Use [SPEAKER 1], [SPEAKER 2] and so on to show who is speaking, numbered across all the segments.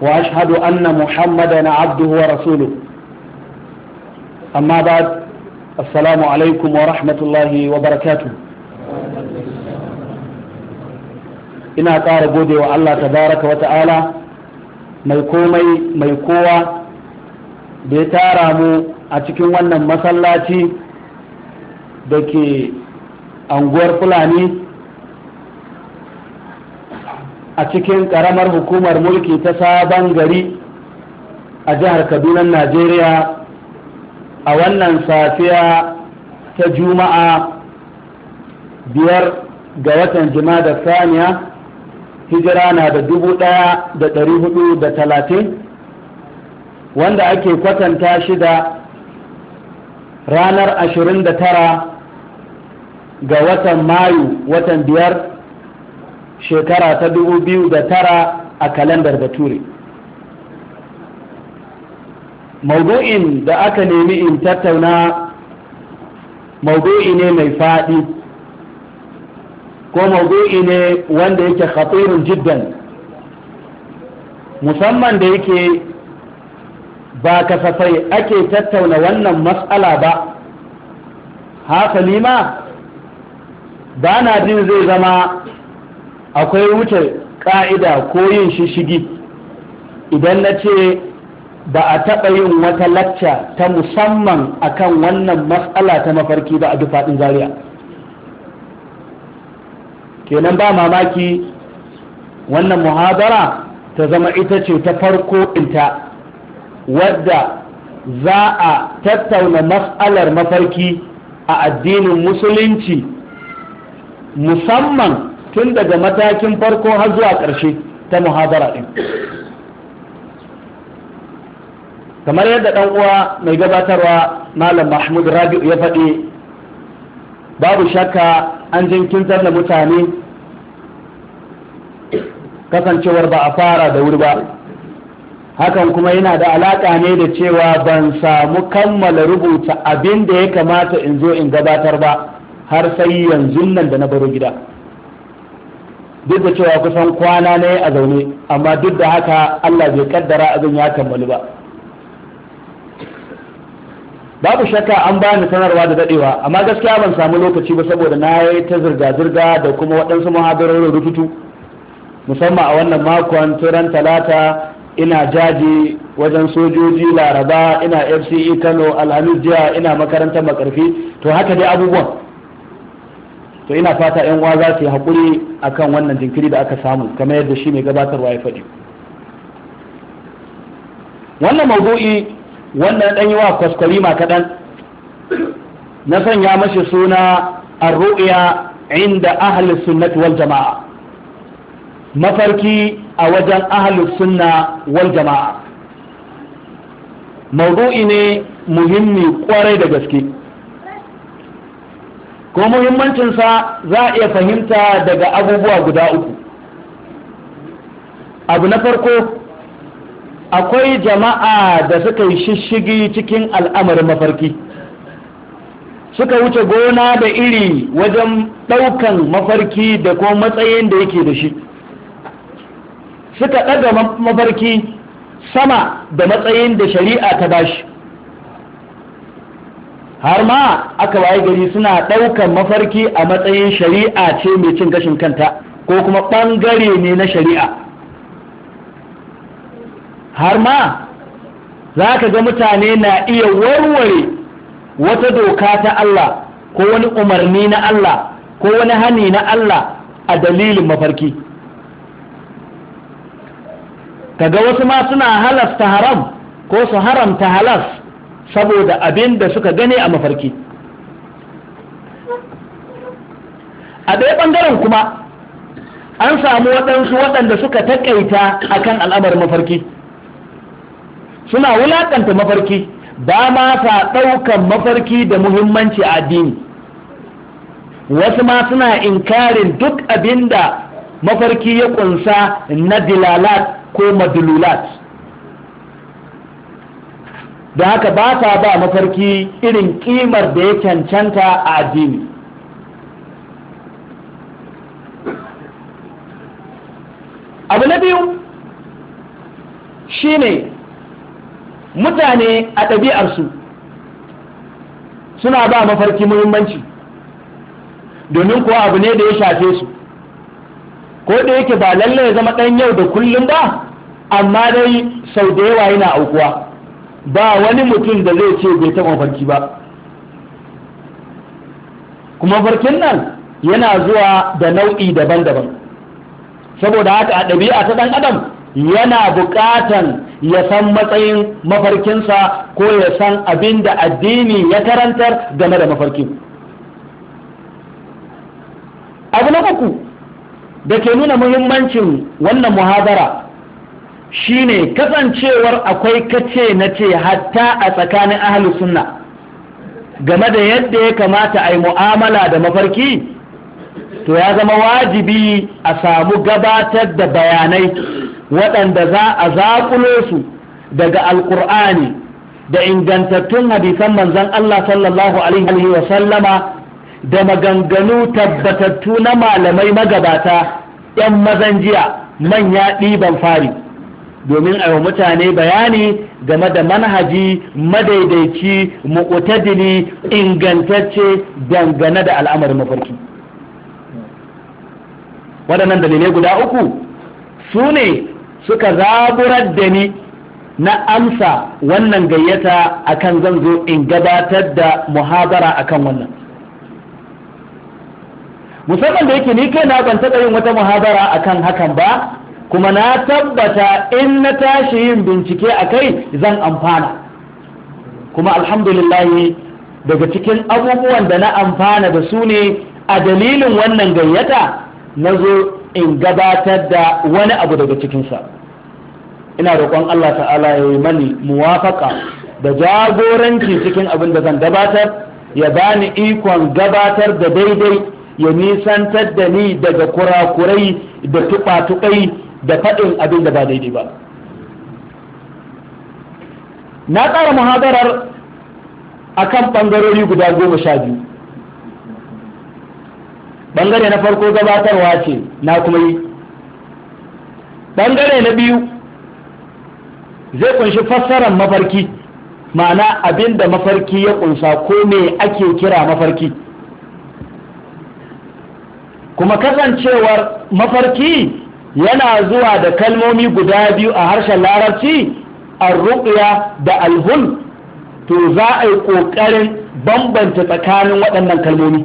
[SPEAKER 1] وأشهد أن محمدا عبده ورسوله أما بعد السلام عليكم ورحمة الله وبركاته ina ƙara gode wa Allah tabaraka wa ta'ala mai komai mai kowa da ya tara mu a cikin wannan masallaci da ke anguwar fulani a cikin karamar hukumar mulki ta sabon gari a jihar kaduna najeriya a wannan safiya ta juma'a biyar ga watan jima'a da saniya hijira na da dubu ɗaya da ɗari hudu da talatin wanda ake kwatanta shi da ranar ashirin da tara ga watan mayu watan biyar shekara ta dubu biyu da tara a kalandar bature maudu'in da aka nemi in tattauna maudu'i ne mai faɗi ko maudu'i ne wanda yake khatirin jiddan musamman da yake ba kasafai ake tattauna wannan matsala ba haka ma ba na jin zai zama akwai wuce ƙa'ida ko yin shishigi idan na ce ba a taɓa yin wata lacca ta musamman akan wannan matsala ta mafarki ba a duk zaria kenan ba mamaki wannan muhadara ta zama ita ce ta farko inta wadda za a tattauna matsalar mafarki a addinin musulunci musamman tun daga matakin farko har zuwa ƙarshe ta muhadara ɗin kamar yadda ɗan uwa mai gabatarwa malam mahmud rabi'u ya faɗi babu shakka an jinkintar da mutane kasancewar ba a fara da wuri ba hakan kuma yana da alaƙa ne da cewa ban samu kammala rubuta abin da ya kamata in zo in gabatar ba har sai yanzu nan da na baro gida duk da cewa kusan kwana ne a zaune amma duk da haka Allah bai kaddara abin ya kammalu ba babu shakka an ba ni sanarwa da dadewa amma gaskiya ban samu lokaci ba saboda na yi ta zirga-zirga da kuma waɗansu muhadarorin rututu musamman a wannan makon turan talata ina jaji wajen sojoji laraba ina fce kano alhamis jiya ina makarantar makarfi to haka dai abubuwan to ina fata yan uwa za su yi hakuri kan wannan jinkiri da aka samu kamar yadda shi mai gabatarwa ya faɗi wannan maudu'i wannan ɗan yi wa kwaskwarima kaɗan na sanya mashi suna ru'iya inda ahalin sunnati wal jama'a mafarki a wajen ahalin sunna wal jama'a maudu'i ne muhimmi kwarai da gaske ko muhimmancinsa za a iya fahimta daga abubuwa guda uku abu na farko akwai jama'a da suka yi shishigi cikin al'amarin mafarki suka wuce gona da iri wajen ɗaukan mafarki da kuma matsayin da yake da shi suka ɗaga mafarki sama da matsayin da shari'a ta bashi har ma aka waye gari suna ɗaukar mafarki a matsayin shari'a ce mai cin gashin kanta ko kuma ɓangare ne na shari'a har ma za ka ga mutane na iya warware wata doka ta Allah ko wani umarni na Allah ko wani hani na Allah a dalilin mafarki kaga wasu ma suna halasta haram ko su haramta halas saboda abin da suka gane a mafarki a ɗaya ɓangaren kuma an samu waɗansu waɗanda suka taƙaita a kan al'amarin mafarki suna wulaƙanta mafarki ba ma sa ɗaukan mafarki da muhimmanci a addini wasu ma suna inkarin duk abin da mafarki ya ƙunsa na dilalat ko madululat da haka ba ta ba mafarki irin kimar da ya cancanta a addini abu na biyu shine mutane a ɗabi'arsu suna ba mafarki muhimmanci domin kuwa abu ne da ya shafe su ko da yake ba lallai ya zama ɗan yau da kullum ba amma dai sau da yawa yana aukuwa ba wani mutum da zai ce bai taɓa farki ba kuma farkin nan yana zuwa da nau'i daban-daban saboda haka a ɗabi'a ta ɗan adam yana buƙatan ya san matsayin mafarkinsa ko ya san abin da addini ya karantar game da mafarki abu na uku da ke nuna muhimmancin wannan muhazara. shine kasancewar akwai kace na ce hatta a tsakanin ahalus sunna game da yadda ya kamata a yi mu'amala da mafarki to ya zama wajibi a samu gabatar da bayanai waɗanda za a zaƙulo su daga alƙur'ani da ingantattun hadisan manzan Allah sallallahu alaihi wa da maganganu tabbatattu na malamai magabata 'yan mazan jiya manya ɗiban fari domin a yi mutane bayani game da manhaji madaidaici muƙutadili ingantacce dangane da al'amarin mafarki waɗannan dalilai guda uku su ne suka zaburar da ni na amsa wannan gayyata akan zan zo in gabatar da muhabara akan wannan musamman da yake ni kai na ban taɓa yin wata muhabara akan hakan ba kuma na tabbata in na tashi yin bincike a kai zan amfana kuma alhamdulillah daga cikin abubuwan da na amfana da su ne a dalilin wannan gayyata na zo in gabatar da wani abu daga cikinsa ina roƙon Allah ta'ala ya yi mani muwafaka da jagoranci cikin abin da zan gabatar ya bani ikon gabatar da daidai ya nisantar da ni daga kurakurai da tuɓa-tuɓai da faɗin abin da ba daidai ba na tsara muhadarar kan ɓangarori guda goma sha biyu ɓangare na farko gabatarwa ce na kuma yi ɓangare na biyu zai kunshi fassarar mafarki ma'ana abin da mafarki ya kunsa ko me ake kira mafarki kuma kasancewar mafarki yana zuwa da kalmomi guda biyu a harshen larabci arruqya da alhul to za a yi ƙoƙarin bambanta tsakanin waɗannan kalmomi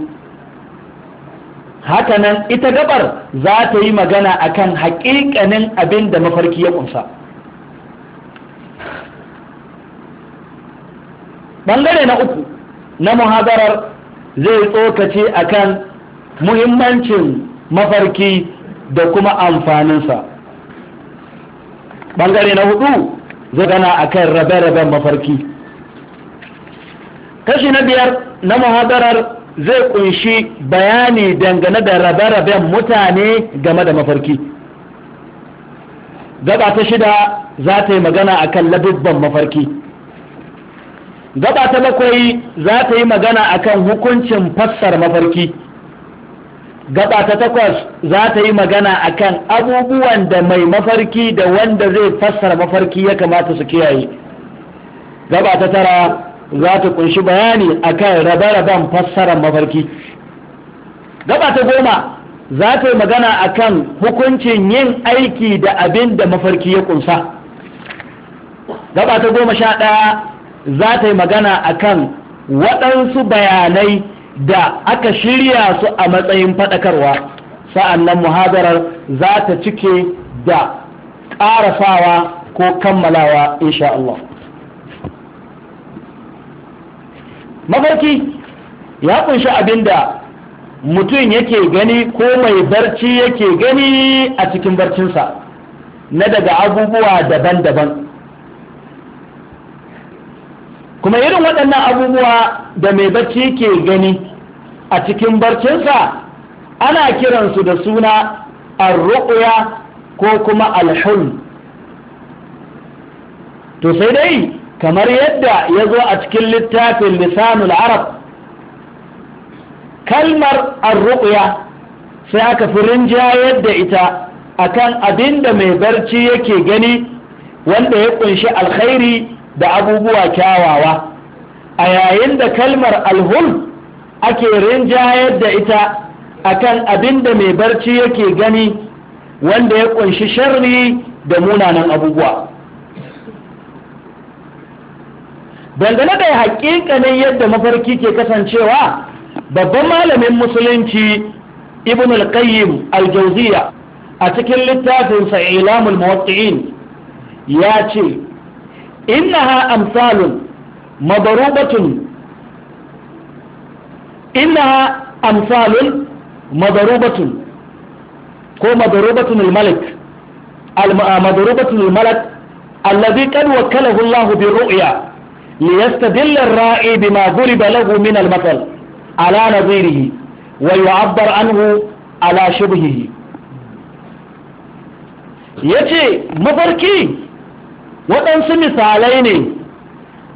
[SPEAKER 1] hakanan ita gabar za ta yi magana akan haƙiƙanin abin da mafarki ya ƙunsa ɓangare na uku na muhazarar zai tsokace akan muhimmancin mafarki da kuma amfaninsa ɓangare na hudu zai gana a kan rabe-raben mafarki kashi na biyar na muhadarar zai kunshi bayani dangane da rabe-raben mutane game da mafarki gaba ta shida za ta yi magana a kan labibban mafarki gaba ta bakwai za ta yi magana a kan hukuncin fassar mafarki gaba ta takwas za ta yi magana akan abubuwan da mai mafarki da wanda zai fassara mafarki ya kamata su kiyaye gaba ta tara za ta kunshi bayani akan rabe-raben fassara mafarki gaba ta goma za ta yi magana akan hukuncin yin aiki da abin da mafarki ya kunsa gaba ta goma sha ɗaya za ta yi magana akan waɗansu bayanai da aka shirya su a matsayin faɗakarwa sa'annan muhadarar za ta cike da ƙarafawa ko kammalawa insha Allah mafarki ya kunshi da mutum yake gani ko mai barci yake gani a cikin barcinsa na daga abubuwa daban-daban kuma irin waɗannan abubuwa da mai bacci ke gani a cikin barcinsa ana kiransu da suna arruƙuya ko kuma alhul to sai dai kamar yadda ya zo a cikin littafin lisanul arab kalmar arruƙuya sai aka fi rinjayar yadda ita akan abinda mai barci yake gani wanda ya kunshi alkhairi da abubuwa kyawawa a yayin da kalmar alhul ake rinjayar da ita akan abin da mai barci yake gani wanda ya kunshi sharri da munanan abubuwa dangane da ne yadda mafarki ke kasancewa babban malamin musulunci ibn al-qayyim al a cikin littafinsa ilamul muwatti'in ya ce إنها أمثال مضروبة إنها أمثال مضروبة هو مضروبة الملك مضروبة الملك الذي قد وكله الله بالرؤيا ليستدل الرائي بما ضرب له من المثل على نظيره ويعبر عنه على شبهه yace mafarki waɗansu misalai ne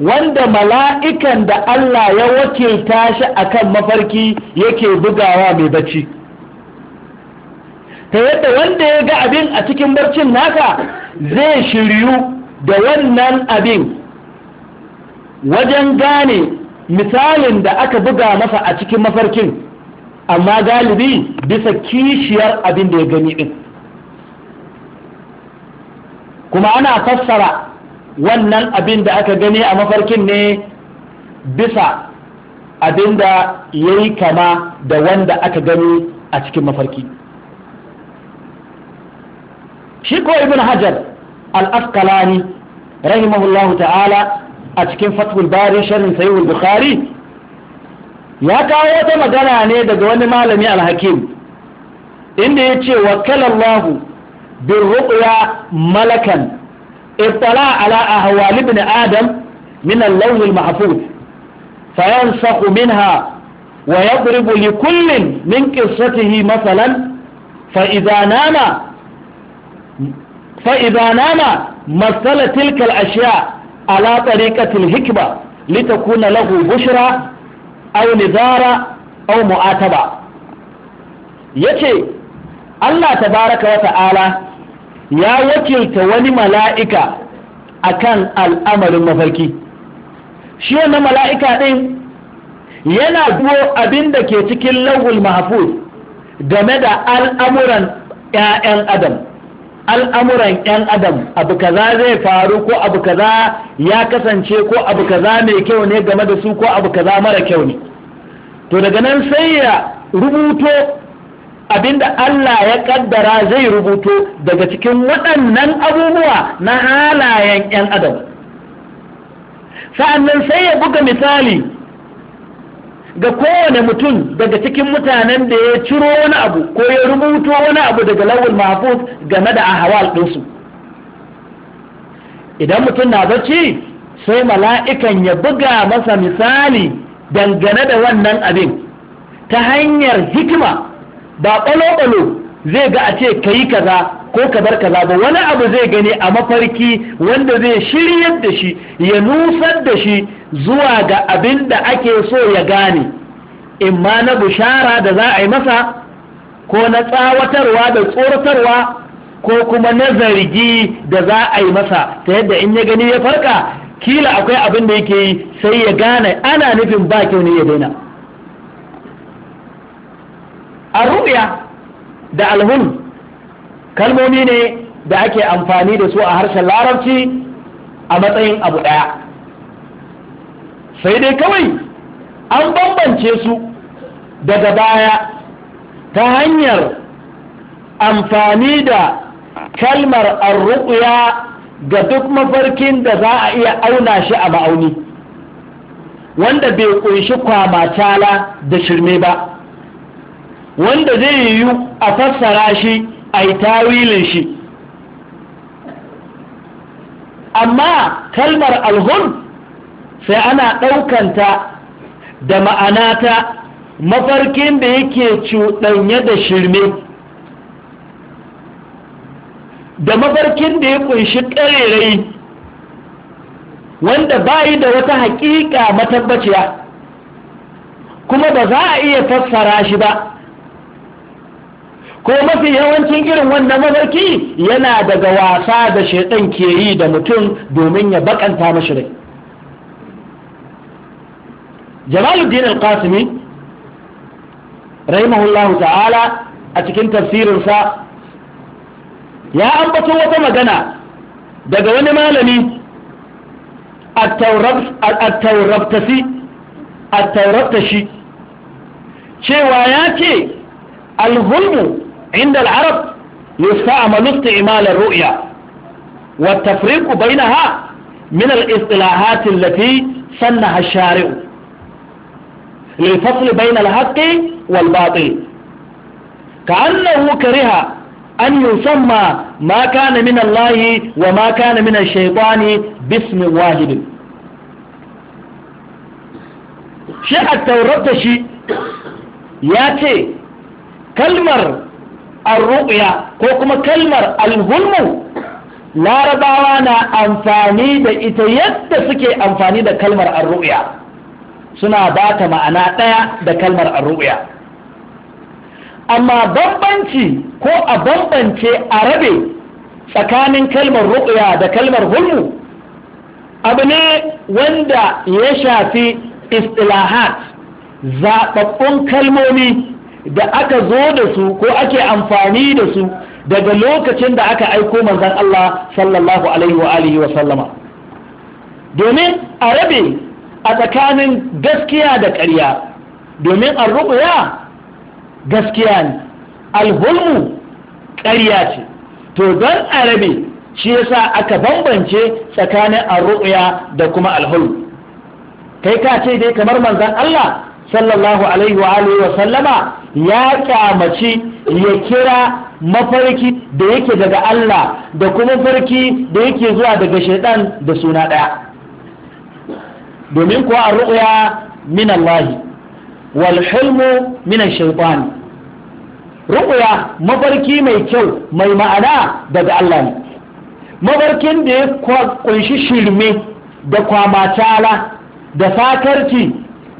[SPEAKER 1] wanda mala'ikan da Allah ya wakilta shi kan mafarki yake bugawa mai bacci ta yadda wanda ya ga abin a cikin barcin naka zai shiryu da wannan abin wajen gane misalin da aka buga masa a cikin mafarkin amma galibi bisa kishiyar abin da ya gani ɗin. kuma ana fassara wannan abin da aka gani a mafarkin ne bisa abin da ya yi kama da wanda aka gani a cikin mafarki shi ko ibn hajar al-asqalani rahimahullahu ta'ala a cikin fatul bari sharhin sahihul bukhari ya kawo wata magana ne daga wani malami al-hakim inda ya ce wa kalallahu بالرؤيا ملكا اطلع على أهوال ابن آدم من اللون المحفوظ فينسخ منها ويضرب لكل من قصته مثلا فإذا نام فإذا نام مثل تلك الأشياء على طريقة الحكمة لتكون له بشرى أو نذارة أو مؤاتبة يتي الله تبارك وتعالى ya wakilta wani mala'ika a kan al'amarin mafarki shi wannan mala'ika ɗin yana duwo abin da ke cikin lagul mahafuz game da al'amuran 'ya'yan adam al'amuran 'yan adam abu kaza zai faru ko abu kaza ya kasance ko abu kaza mai kyau ne game da su ko abu kaza mara kyau ne to daga nan sai ya rubuto abinda Allah ya kaddara zai rubuto daga cikin waɗannan abubuwa na halayen 'yan adam sa'annan sai ya buga misali ga kowane mutum daga cikin mutanen da ya ciro wani abu ko ya rubuto wani abu daga lawul mahfuz game da ahawal ɗinsu idan mutum na bacci sai mala'ikan ya buga masa misali dangane da wannan abin ta hanyar hikima ba ƙwalo-ƙwalo zai ga a ce ka yi kaza ko ka bar kaza ba wani abu zai gani a mafarki wanda zai shiryar da shi ya nusar da shi zuwa ga abin da ake so ya gane imma na bushara da za a yi masa ko na tsawatarwa da tsoratarwa ko kuma na zargi da za a yi masa ta yadda in ya gani ya farka kila akwai abin da yake yi sai ya gane ana nufin ba kyau ne ya daina arruya da alhun kalmomi ne da ake amfani da su a harshen larabci a matsayin abu ɗaya sai dai kawai an bambance su daga baya ta hanyar amfani da kalmar arruya ga duk mafarkin da za a iya auna shi a ma'auni wanda bai kunshi kwamatala da shirme ba wanda zai yiwu a fassara shi a yi tawilin shi amma kalmar alhun sai ana ɗaukanta da ma'anata mafarkin da yake cuɗanye da shirme da mafarkin da ya kunshi ƙarerai wanda bayi da wata haƙiƙa matabbaciya kuma ba za a iya fassara shi ba ko mafi yawancin irin wannan mafarki yana daga wasa da shaidan ke yi da mutum domin ya bakanta mashi rai jamaluddin al-qasimi rahimahullahu ta'ala a cikin tafsirinsa ya ambato wata magana daga wani malami at-taurabtasi cewa ya ce alhulmu عند العرب يستعمل استعمال الرؤيا والتفريق بينها من الاصطلاحات التي سنها الشارع للفصل بين الحق والباطل كأنه كره أن يسمى ما كان من الله وما كان من الشيطان باسم واحد شيخ التوراة شيء ياتي كلمر arru'ya ko kuma kalmar alhulmu larabawa na amfani da ita yadda suke amfani da kalmar arru'ya suna ba ta ma'ana ɗaya da kalmar arru'ya amma bambanci ko a bambance a rabe tsakanin kalmar ru'ya da kalmar hulmu abu ne wanda ya shafi istilahat zaɓaɓɓun kalmomi da aka zo da su ko ake amfani da su daga lokacin da aka aiko manzan Allah sallallahu alaihi wa alihi wa sallama domin a rabe a tsakanin gaskiya da ƙarya domin arruɓuya gaskiya ne alhulmu ƙarya ce to don a rabe shi yasa aka bambance tsakanin arruɓuya da kuma alhulmu kai ka ce dai kamar manzan Allah sallallahu alaihi wa alihi wa sallama ya kyamaci ya kira mafarki da yake daga Allah da kuma farki da yake zuwa daga shaidan da suna ɗaya domin kuwa a ru'uya min Allahi wal min shaitan ru'uya mafarki mai kyau mai ma'ana daga Allah ne mafarkin da ya kunshi shirme da kwamatala da fatarki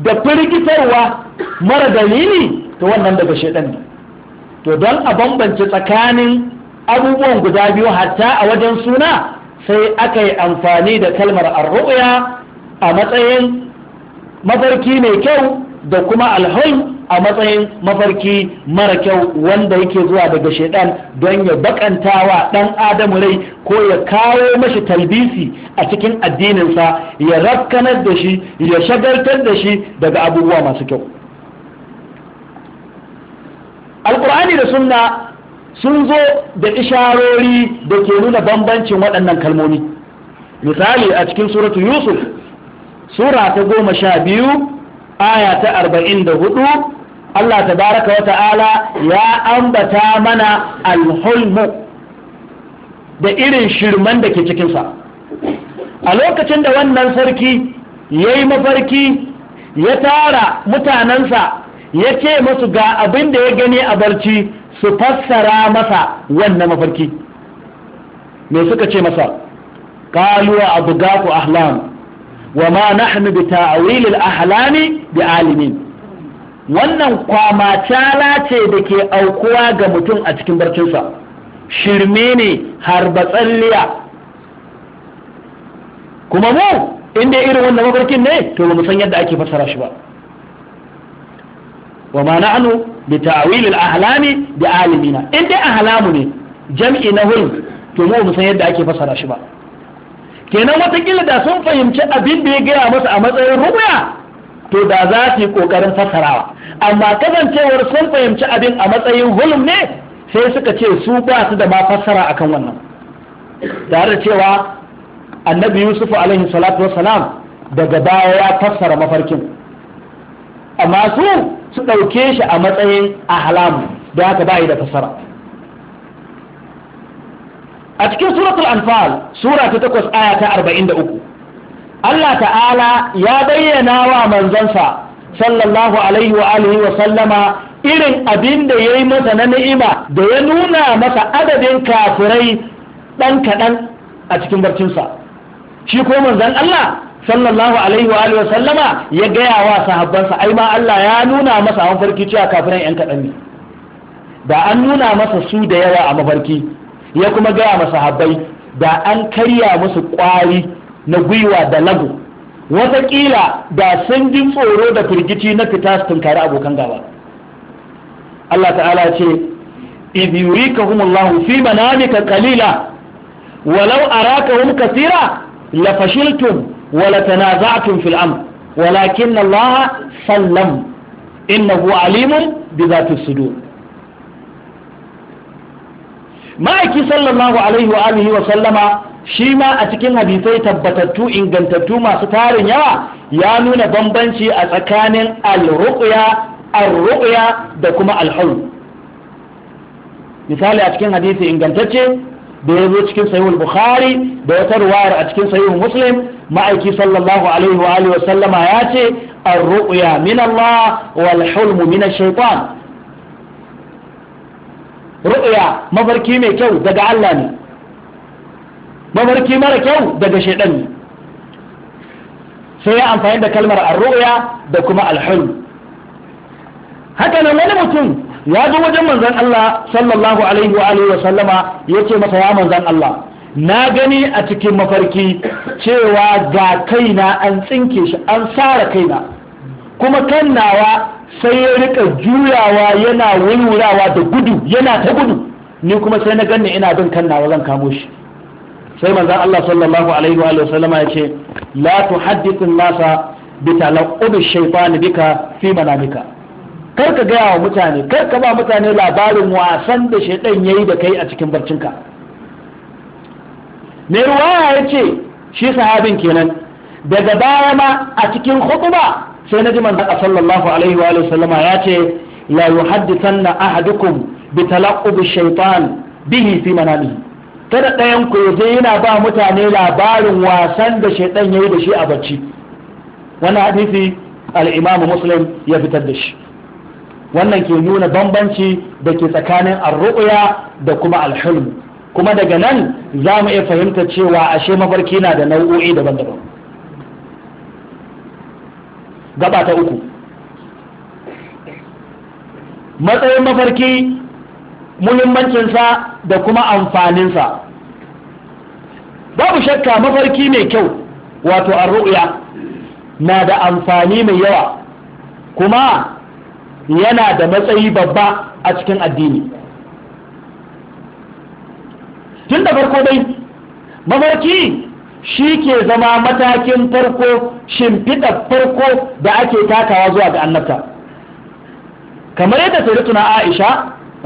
[SPEAKER 1] da firgitarwa mara dalili to wannan daga shaidan ne to don a bambance tsakanin abubuwan guda biyu hatta a wajen suna sai aka yi amfani da kalmar arru'ya a matsayin mafarki mai kyau da kuma alhain a matsayin mafarki mara kyau wanda yake zuwa daga shaidan don ya bakantawa dan adam rai ko ya kawo mashi talbisi a cikin addininsa ya rakkanar da shi ya shagaltar da shi daga abubuwa masu kyau alkur'ani da sunna sun zo da isharori da ke nuna bambancin waɗannan kalmomi misali a cikin suratu yusuf sura ta goma sha biyu aya ta arba'in da hudu allah ta baraka wa ta'ala ya ambata mana alhulmu da irin shirman da ke cikinsa a lokacin da wannan sarki ya yi mafarki ya tara mutanensa ya ce masu ga abin da ya gani a barci su fassara masa wannan mafarki me suka ce masa kaluwa abu gaku ahlam wa ma nahnu bi ta'wilil ahlami bi alimin wannan kwama kwamacala ce da ke aukuwa ga mutum a cikin barcinsa shirme ne harbatsalliya kuma mu inda irin wannan mafarkin ne to ba mu san yadda ake fassara shi ba wa ma na'anu bi ta'wilil ahlami bi alimina in dai ahlamu ne jam'i na hulm to mu san yadda ake fasara shi ba kenan watakila da sun fahimci abin da ya gaya masa a matsayin rubuya to da za su yi kokarin fasarawa amma kasancewar sun fahimci abin a matsayin hulm ne sai suka ce su ba su da ma fassara akan wannan tare da cewa annabi yusuf alaihi salatu wassalam daga baya ya fassara mafarkin amma su su ɗauke shi a matsayin ahlamu da haka ba da fasara a cikin suratul anfal sura ta takwas aya ta arba'in da uku Allah ta'ala ya bayyana wa manzansa sallallahu alaihi wa alihi wa sallama irin abin da ya yi masa na ni'ima da ya nuna masa adadin kafirai ɗan kaɗan a cikin barcinsa shi ko manzan Allah sallallahu alaihi wa alihi sallama ya gaya wa sahabbansa ai ma Allah ya nuna masa a mafarki cewa kafiran yan kadan ne da an nuna masa su da yawa a mafarki ya kuma gaya masa sahabbai da an karya musu kwari na gwiwa da lagu kila da sun ji tsoro da firgici na fita su tunkari abokan gaba Allah ta'ala ce idh yurikahumullahu fi manamika qalila walau arakahum kathira lafashiltum wala tanaza'tum fil amr walakin Allah sallam innahu alimun bi zati sudur ma'aiki sallallahu alaihi wa wa sallama shi ma a cikin hadisai tabbatattu ingantattu masu tarin yawa ya nuna bambanci a tsakanin al-ruqya da kuma al-hawl misali a cikin hadisi ingantacce da ya zo cikin sahihul bukhari da wata ruwayar a cikin sahihul muslim ma'aiki sallallahu alaihi wa alihi sallama ya ce ar-ru'ya min Allah wal hulmu min ash-shaytan ru'ya mafarki mai kyau daga Allah ne mafarki mara kyau daga shaytan ne sai ya amfani da kalmar ar-ru'ya da kuma al-hulm haka nan wani mutum ya zo wajen manzon Allah sallallahu alaihi wa alihi wa sallama yace masa ya Allah na gani a cikin mafarki cewa ga kaina an tsinke shi an sara kaina kuma kan nawa sai ya rika juyawa yana wulwulawa da gudu yana ta gudu ni kuma sai na ganni ina bin kan nawa zan kamo shi sai manzan Allah sallallahu alaihi wa sallama yace la tuhaddithu an-nasa bi talaqqub ash-shaytan bika fi manamika kar ka gaya wa mutane kar ka ba mutane labarin wasan da shaidan yayi da kai a cikin barcinka mai ruwaya ya ce shi sahabin kenan daga baya ma a cikin khutba sai na ji manzon sallallahu alaihi wa sallama ya ce la yuhaddithanna ahadukum bi talaqqub shaytan bihi fi manami kada ɗayan ku je yana ba mutane labarin wasan da shaidan yayi da shi a barci. wannan hadisi al-imamu muslim ya fitar da shi wannan ke nuna bambanci da ke tsakanin arru'uya da kuma alhulm kuma daga nan za mu iya fahimta cewa ashe mafarki na da nau'o'i daban-daban gaba ta uku matsayin mafarki muhimmancinsa da kuma amfaninsa babu shakka mafarki mai kyau wato arru'uya na da amfani mai yawa kuma yana da matsayi babba a cikin addini tun da farko dai mafarki shi ke zama matakin farko shimfiɗa farko da ake takawa zuwa ga annabta kamar yadda sayyidatuna aisha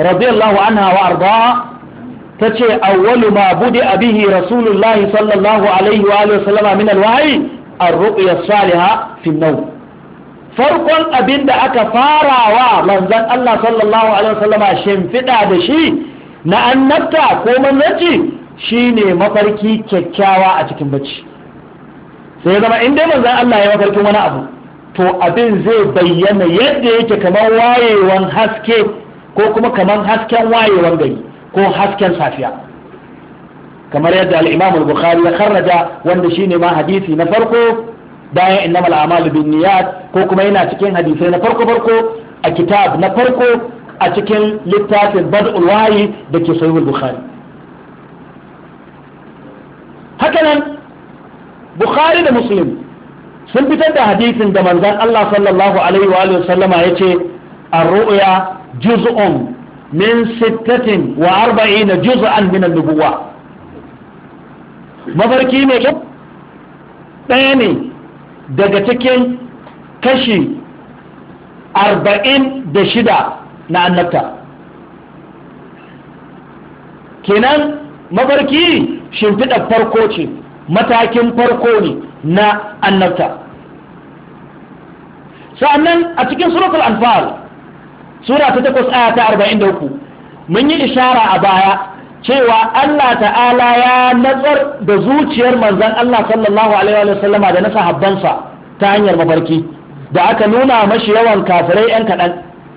[SPEAKER 1] radiyallahu anha wa ardaha ta ce awwalu ma budi abihi rasulullahi sallallahu alaihi wa sallama min alwahyi ruɓu ya salihah fi an farkon abin da aka farawa manzan Allah sallallahu alaihi wasallama shimfiɗa da shi na annabta ko manzanci shine mafarki kyakkyawa a cikin bacci sai zama in dai manzan Allah ya mafarkin wani abu to abin zai bayyana yadda yake kamar wayewan haske ko kuma kamar hasken wayewan gari ko hasken safiya kamar yadda al-Imam al-Bukhari ya kharraja wanda shine ma hadisi na farko bayan innamal a'malu binniyat ko kuma yana cikin hadisai na farko farko a kitab na farko a cikin littafin bad'ul wayi da ke sahihul bukhari hakanan bukhari da muslim sun fitar da hadisin da manzon Allah sallallahu alaihi wa sallama yace ar-ru'ya juz'un min sittatin wa arba'ina juz'an min an-nubuwa mafarki mai kyau ɗaya ne daga cikin kashi arba'in da shida na annabta kenan mafarki shimfiɗar farko ce matakin farko ne na annabta sa'annan a cikin suratul anfal sura ta takwas aya ta uku, mun yi ishara a baya cewa Allah ta'ala ya nazar da zuciyar manzan Allah sallallahu alaihi wa da na sahabbansa ta hanyar mafarki da aka nuna mashi yawan kafirai yan kaɗan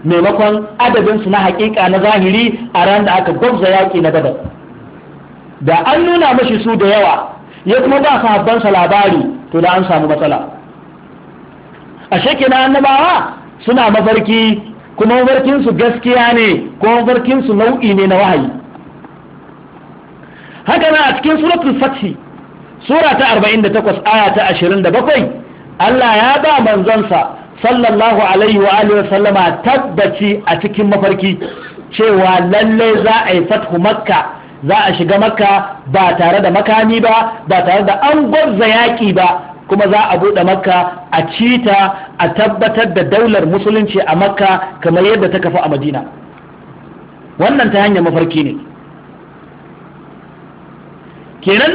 [SPEAKER 1] maimakon adabinsu na haƙiƙa na zahiri a ran da aka gwabza yaƙi na gaba da an nuna mashi su da yawa ya kuma ba sahabbansa labari to da an samu matsala a shekina annabawa suna mafarki kuma mafarkinsu gaskiya ne ko mafarkinsu nau'i ne na wahayi haka na a cikin suratul fathi sura ta 48 aya ta 27 Allah ya ba manzonsa sallallahu alaihi wa alihi sallama tabbaci a cikin mafarki cewa lalle za a yi fathu makka za a shiga makka ba tare da makami ba ba tare da an gwabza yaƙi ba kuma za a buɗe makka a cita a tabbatar da daular musulunci a makka kamar yadda ta kafa a madina wannan ta hanyar mafarki ne kenan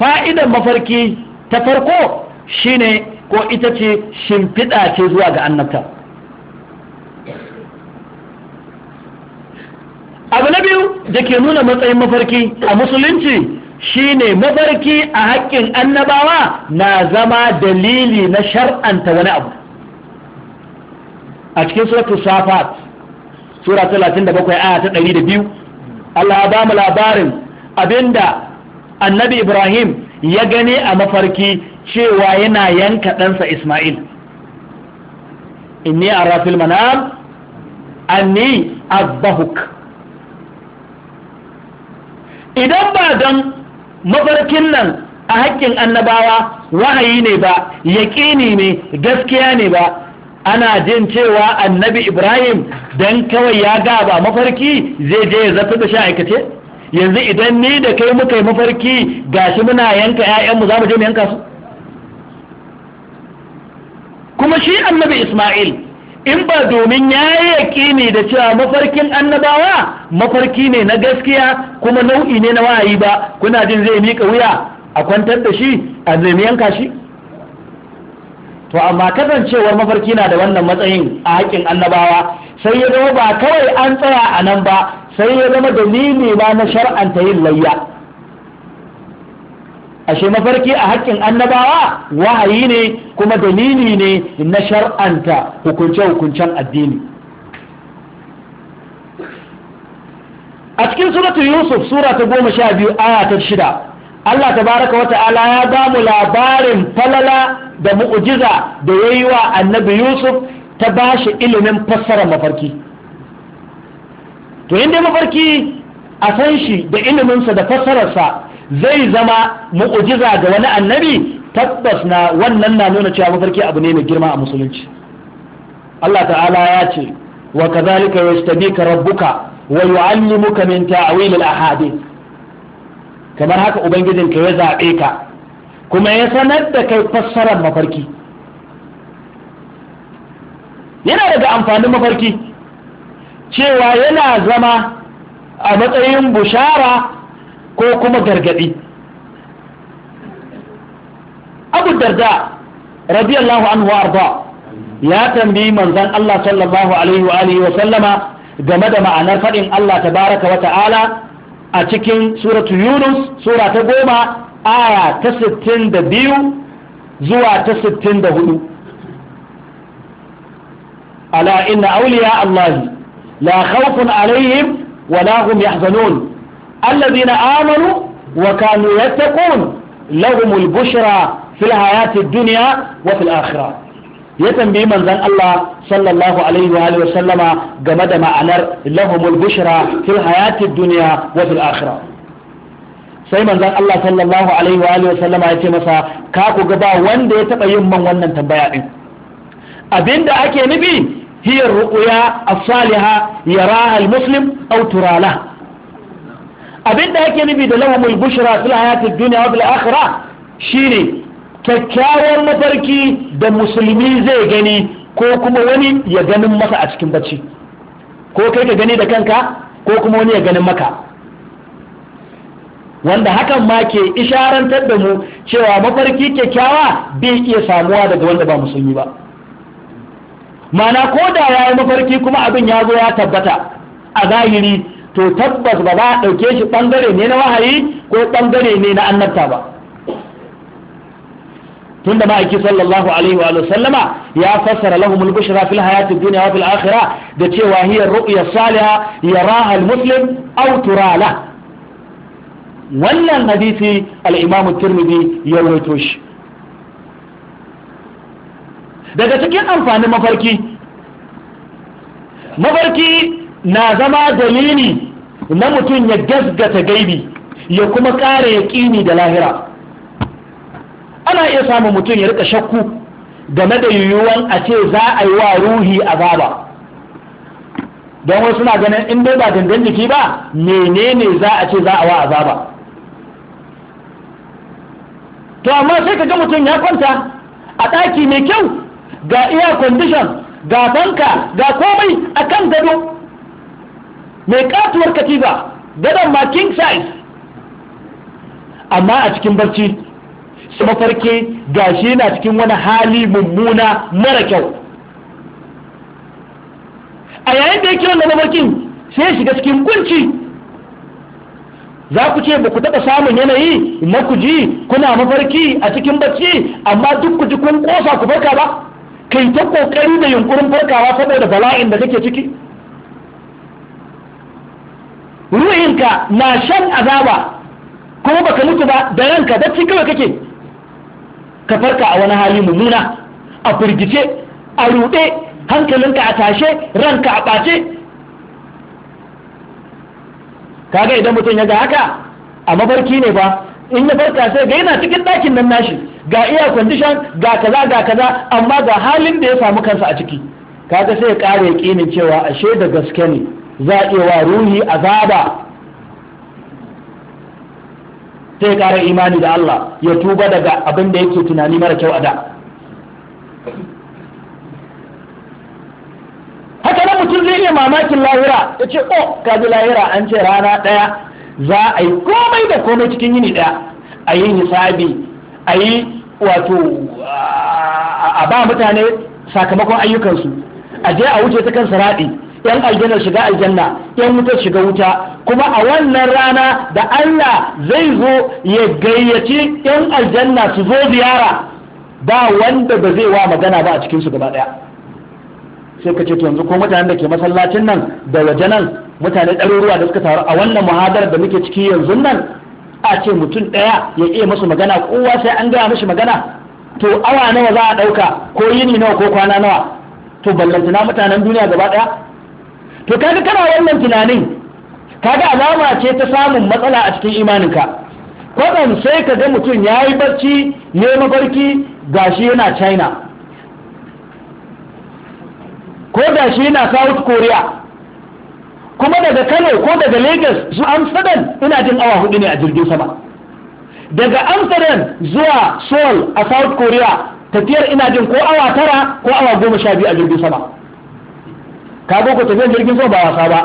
[SPEAKER 1] fa'idan mafarki ta farko shine ko ita ce shimfiɗa ce zuwa ga annabta abu na biyu da ke nuna matsayin mafarki a musulunci shine mafarki a haƙƙin annabawa na zama dalili na shar'anta wani abu a cikin suratu safat sura 37 aya ta 102 Allah ba mu labarin abinda annabi ibrahim ya gane a mafarki cewa yana yanka ɗansa ismail inni a rafil manam anni abbahuk idan ba don mafarkin nan a haƙƙin annabawa wahayi ne ba yaƙini ne gaskiya ne ba ana jin cewa annabi ibrahim don kawai ya gaba mafarki zai je ya zafi da shi aikace yanzu idan ni da kai muka yi mafarki ga shi muna yanka 'ya'yanmu za mu je mu yanka su kuma shi annabi Ismail in ba domin ya yi yaƙini da cewa mafarkin annabawa mafarki ne na gaskiya kuma nau'i ne na wa'ayi ba kuna jin zai miƙa wuya a kwantar da shi a zai yanka shi to amma kasancewar mafarki na da wannan matsayin a haƙƙin annabawa sai ya zama ba kawai an tsaya a nan ba sai ya zama dalili ba na shar'anta yin layya ashe mafarki a haƙƙin annabawa wahayi ne kuma dalili ne na shar'anta hukunce-hukuncen addini a cikin suratu yusuf sura ta goma sha biyu aya ta shida allah ta baraka wata'ala ya mu labarin falala da mu'ujiza da ya yi wa annabi yusuf ta ba shi ilimin fassara mafarki to inda mafarki a san shi da iliminsa da fassararsa zai zama mu'ujiza ga wani annabi tabbas na wannan na nuna cewa mafarki abu ne mai girma a musulunci Allah ta'ala ya ce wa kazalika yastabika rabbuka wa yu'allimuka min ta'wil al kamar haka Ubangijin ka ya zaɓe ka kuma ya sanar da kai fassarar mafarki yana daga amfanin mafarki cewa yana zama a matsayin bushara ko kuma gargadi abu darda radiyallahu anhu arda ya tambayi manzon Allah sallallahu alaihi wa wa sallama game da ma'anar faɗin Allah tabaraka wa ta'ala a cikin suratu Yunus sura ta goma aya ta sittin da biyu zuwa ta sittin da hudu ala inna auliya Allahi la khawfun alaihim wa la hum yahzanun alladhina amanu wa kanu yattaqun lahumul bushra fil hayati dunya wa fil ya tambayi manzon Allah sallallahu alaihi wa alihi game da ma'anar lahumul bushra fil hayati sai manzan Allah sallallahu alaihi wa alihi ya ce masa ka ku ga ba wanda ya taba yin man wannan tambaya din abinda ake nufi Hiyar الرؤيا a يراها ya أو ترى له abin da yake nufi da lahumul bushra fil hayatid dunya wa fil akhirah shine kyakkyawar mafarki da musulmi zai gani ko kuma wani ya ganin masa a cikin bacci ko kai ka gani da kanka ko kuma wani ya ganin maka wanda hakan ma ke isharantar da mu cewa mafarki kyakkyawa bai iya samuwa daga wanda ba musulmi ba mana ko da ya yi mafarki kuma abin ya zo ya tabbata a zahiri to tabbas ba za a ɗauke shi ɓangare ne na wahayi ko ɓangare ne na annabta ba tun da ma'aiki sallallahu alaihi wa sallama ya fassara lahumul bushra fil hayati dunya wa fil akhirah da cewa hiya ru'ya salihah yaraha al muslim aw turala wannan hadisi al-imam at-tirmidhi ya rawaito shi daga cikin amfanin mafarki mafarki na zama dalili na mutum ya gasgata gaibi ya kuma ƙara ƙini da lahira ana iya samun mutum ya rika shakku game da yiwuwan a ce za a yi wa ruhi azaba don wasu na ganin in dai ba dandan jiki ba menene za a ce za a wa azaba to amma sai ka ga mutum ya kwanta a ɗaki mai kyau ga iya condition ga fanka, ga komai a kan gado mai katuwar katiba gadon ma king size amma a cikin barci su mafarki shi na cikin wani hali mummuna mara kyau a yayin da ya kiran da mafarkin sai shiga cikin kunci za ku ce ba ku taɓa samun yanayi makuji kuna mafarki a cikin barci amma duk ku ji kun kosa ku barka ba kai ta kokari da yunkurin farkawa saboda bala'in da kake ciki ruhinka na shan azaba kuma baka mutu ba da ranka bacci kawai kake ka farka a wani hali mummuna a firgice a ruɗe hankalinka a tashe ranka a ɓace kaga idan mutum ya ga haka a mabarki ne ba in ya farka sai ga yana cikin ɗakin nan nashi ga iya kwandishan ga kaza ga kaza amma ga halin da ya samu kansa a ciki kaga sai ya ƙara yaƙinin cewa ashe da gaske ne za a wa ruhi azaba sai ya ƙara imani da Allah ya tuba daga abin da yake tunani mara kyau a da haka nan mutum zai iya mamakin lahira ya ce oh kaji lahira an ce rana ɗaya za a yi komai da komai cikin yini ɗaya a yi hisabi a yi wato a ba mutane sakamakon ayyukansu a je a wuce ta kan saraɗi yan aljanna shiga aljanna yan wuta shiga wuta kuma a wannan rana da Allah zai zo ya gayyaci yan aljanna su zo ziyara ba wanda ba zai wa magana ba a cikinsu gaba ɗaya sai ka ce to yanzu ko mutanen da ke masallacin nan da waje nan mutane ɗaruruwa da suka taru a wannan muhadarar da muke ciki yanzu nan a ce mutum ɗaya ya iya musu magana kowa sai an gaya mashi magana to awa nawa za a ɗauka ko yini nawa ko kwana nawa to ballantana mutanen duniya gaba ɗaya to kaga kana wannan tunanin kaga alama ce ta samun matsala a cikin imaninka kwatsam sai ka ga mutum ya yi barci ne yi mafarki gashi yana china ko da shi na south korea kuma daga kano ko daga lagos su amsterdam ina jin awa hudu ne a jirgin sama daga amsterdam zuwa seoul a south korea tafiyar ina jin ko awa tara ko awa goma sha biyu a jirgin sama ka ko tafiyar jirgin sama ba wasa ba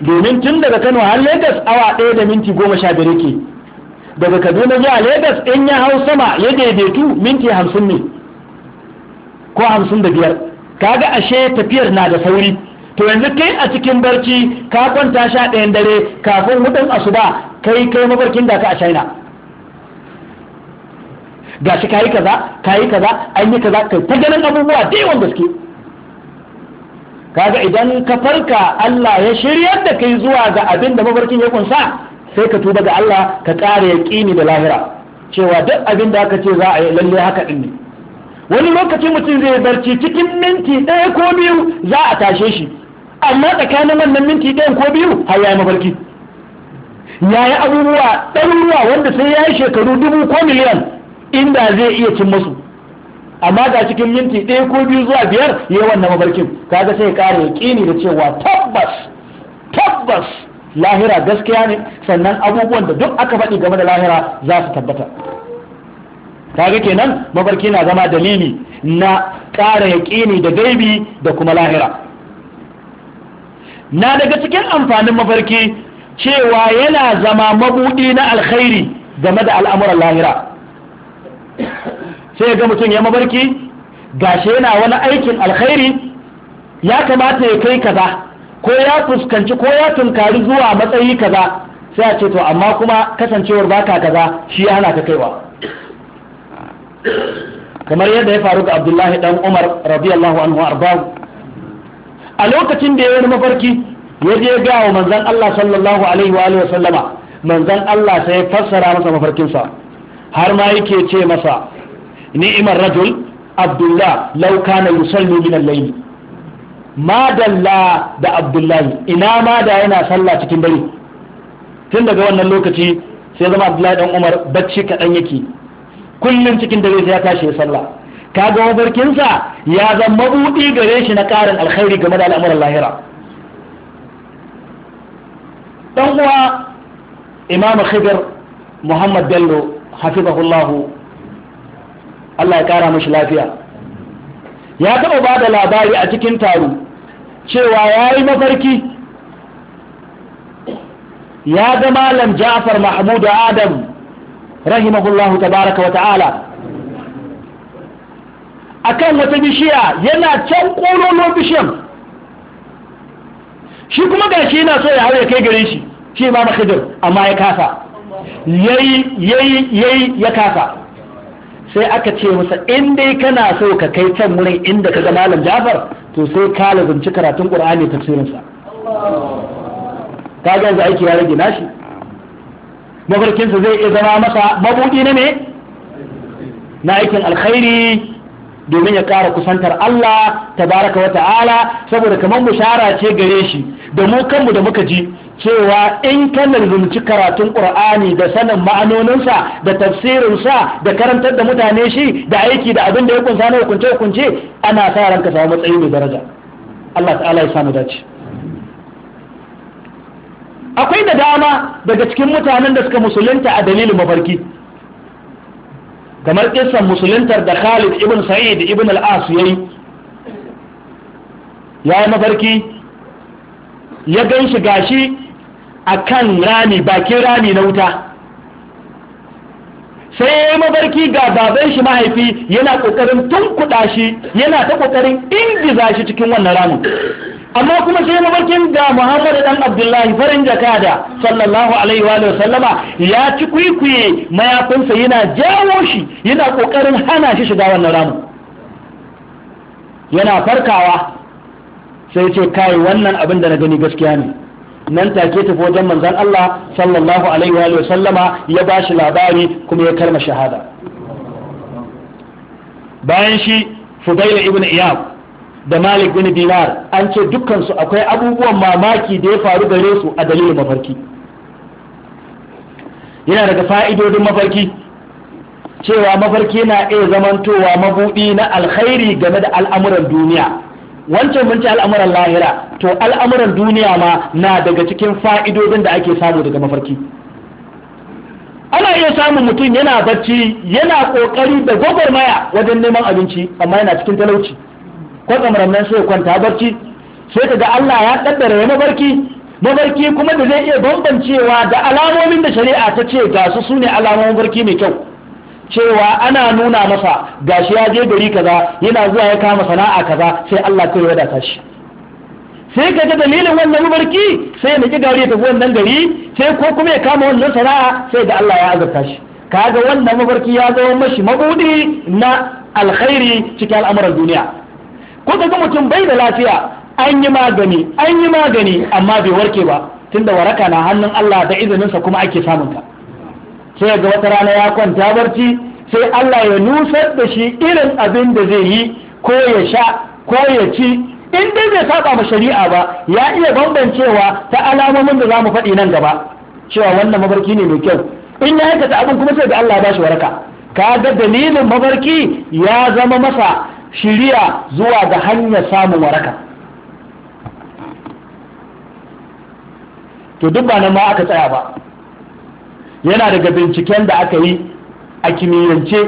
[SPEAKER 1] domin tun daga kano har lagos awa ɗaya da minti goma sha biyar yake daga kaduna zuwa lagos in ya hau sama ya daidaitu minti hamsin ne ko hamsin da biyar Ka ga ashe tafiyar na da sauri to yanzu kai a cikin barci ka kwanta sha ɗayan dare kafin hudun asuba kai kai mafarkin da ka a china ga shi kayi kaza kayi kaza an yi kaza kai ta ganin abubuwa da yawan gaske kaga idan ka farka Allah ya shiryar da kai zuwa ga abin da mafarkin ya kunsa sai ka tuba ga Allah ka ƙara yaƙini da lahira cewa duk abin da aka ce za a yi lalle haka din ne wani lokaci mutum zai barci cikin minti ɗaya ko biyu za a tashe shi amma tsakanin wannan minti ɗaya ko biyu har ya yi mafarki ya yi abubuwa ɗaruruwa wanda sai ya yi shekaru dubu ko miliyan inda zai iya cin musu amma ga cikin minti ɗaya ko biyu zuwa biyar ya yi wannan mafarkin kaga sai ya ƙini da cewa tabbas tabbas lahira gaskiya ne sannan abubuwan da duk aka faɗi game da lahira za su tabbata kaga kenan mafarki na zama dalili na ƙara yaƙini da gaibi da kuma lahira na daga cikin amfanin mafarki cewa yana zama mabuɗi na alkhairi game da al'amuran lahira sai ga mutum ya mafarki gashi yana wani aikin alkhairi ya kamata ya kai kaza ko ya fuskanci ko ya tunkari zuwa matsayi kaza sai a ce to amma kuma kasancewar baka kaza shi ya hana ka kaiwa kamar yadda ya faru ga abdullahi dan umar radiyallahu anhu arba'u a lokacin da ya wani mafarki ya je ga wa manzon Allah sallallahu alaihi wa alihi sallama manzon Allah sai ya fassara masa mafarkinsa har ma yake ce masa ni'imar rajul abdullah law kana yusalli min al-layl ma dalla da abdullahi ina ma da yana sallah cikin dare tun daga wannan lokaci sai zama abdullahi dan umar bacci kaɗan yake kullum cikin dare sai ya tashi ya sallah kaga mafarkinsa ya zama mabuɗi gare shi na ƙarin alkhairi game da al'amuran lahira dan uwa imam khidir muhammad bello hafizahullahu Allah ya kara mashi lafiya ya taɓa ba da labari a cikin taro cewa ya yi mafarki ya ga malam ja'far mahmud adam rahimahullahu baraka wata ala. akan wata bishiya yana can kololon bishiyan shi kuma gashi yana so ya ya kai gare shi shi ma makhidir amma ya kasa yayi yayi yayi ya kasa sai aka ce masa in dai kana so ka kai can wurin inda ka ga malam Jafar to sai ka lazumci karatun ƙur'ani tafsirinsa ka ga yanzu aiki ya rage nashi mafarkinsa zai iya zama masa mabuɗi na ne na aikin alkhairi domin ya ƙara kusantar Allah ta baraka wa ta'ala saboda kamar mu bushara ce gare shi da mu kanmu da muka ji cewa in ka karatun ƙur'ani da sanin ma'anoninsa da tafsirinsa da karantar da mutane shi da aiki da abin da ya kunsa na hukunce hukunce ana sa ranka samu matsayi mai daraja Allah ta'ala ya samu dace akwai da dama daga cikin mutanen da suka musulunta a dalilin mafarki kamar kisan musuluntar da Khalid ibn Sa'id ibn al-As yayi ya yi mafarki ya gan shi gashi a kan rami bakin rami na wuta sai ya yi mafarki ga baban shi mahaifi yana ƙoƙarin tun kuɗa shi yana ta ƙoƙarin ingiza shi cikin wannan ramin amma kuma sai mafarkin da muhammadu dan abdullahi farin jakada sallallahu alaihi wa sallama ya ci kwikwiye mayafinsa yana jawo shi yana kokarin hana shi shiga wannan ramu yana farkawa sai ce kai wannan abin da na gani gaskiya ne nan take tafi wajen manzon Allah sallallahu alaihi wa sallama ya bashi labari kuma ya karma shahada bayan shi fudaila ibn iyab da malik bin dinar an ce dukkansu akwai abubuwan mamaki da ya faru gare su a dalilin mafarki yana daga fa'idodin mafarki cewa mafarki na iya zamantowa mabuɗi na alkhairi game da al'amuran duniya wancan mun ce al'amuran lahira to al'amuran duniya ma na daga cikin fa'idodin da ake samu daga mafarki ana iya samun mutum yana bacci yana ƙoƙari da gwagwarmaya wajen neman abinci amma yana cikin talauci Ko rannan sai kwanta barci sai ka ga Allah ya kaddara ya mabarki mabarki kuma da zai iya bambancewa da alamomin da shari'a ta ce ga su sune alamomin barki mai kyau cewa ana nuna masa gashi ya je gari kaza yana zuwa ya kama sana'a kaza sai Allah kai ya data shi sai ka ga dalilin wannan mabarki sai ya gari ya tafi wannan gari sai ko kuma ya kama wannan sana'a sai da Allah ya azurta shi kaga wannan mabarki ya zama mashi mabudi na alkhairi cikin al'amuran duniya ko ka ga mutum bai da lafiya an yi magani an yi magani amma bai warke ba tunda waraka na hannun Allah da izininsa kuma ake samun ta sai ga wata rana ya kwanta barci sai Allah ya nusar da shi irin abin da zai yi ko ya sha ko ya ci in dai bai saba ma shari'a ba ya iya bambancewa ta alamomin da zamu faɗi nan gaba cewa wannan mabarki ne mai kyau in ya aikata abin kuma sai da Allah ya bashi waraka ka ga dalilin mabarki ya zama masa shiriya zuwa ga hanyar samun waraka to duk ba nan ma aka tsaya ba yana daga binciken da aka yi a kimiyyance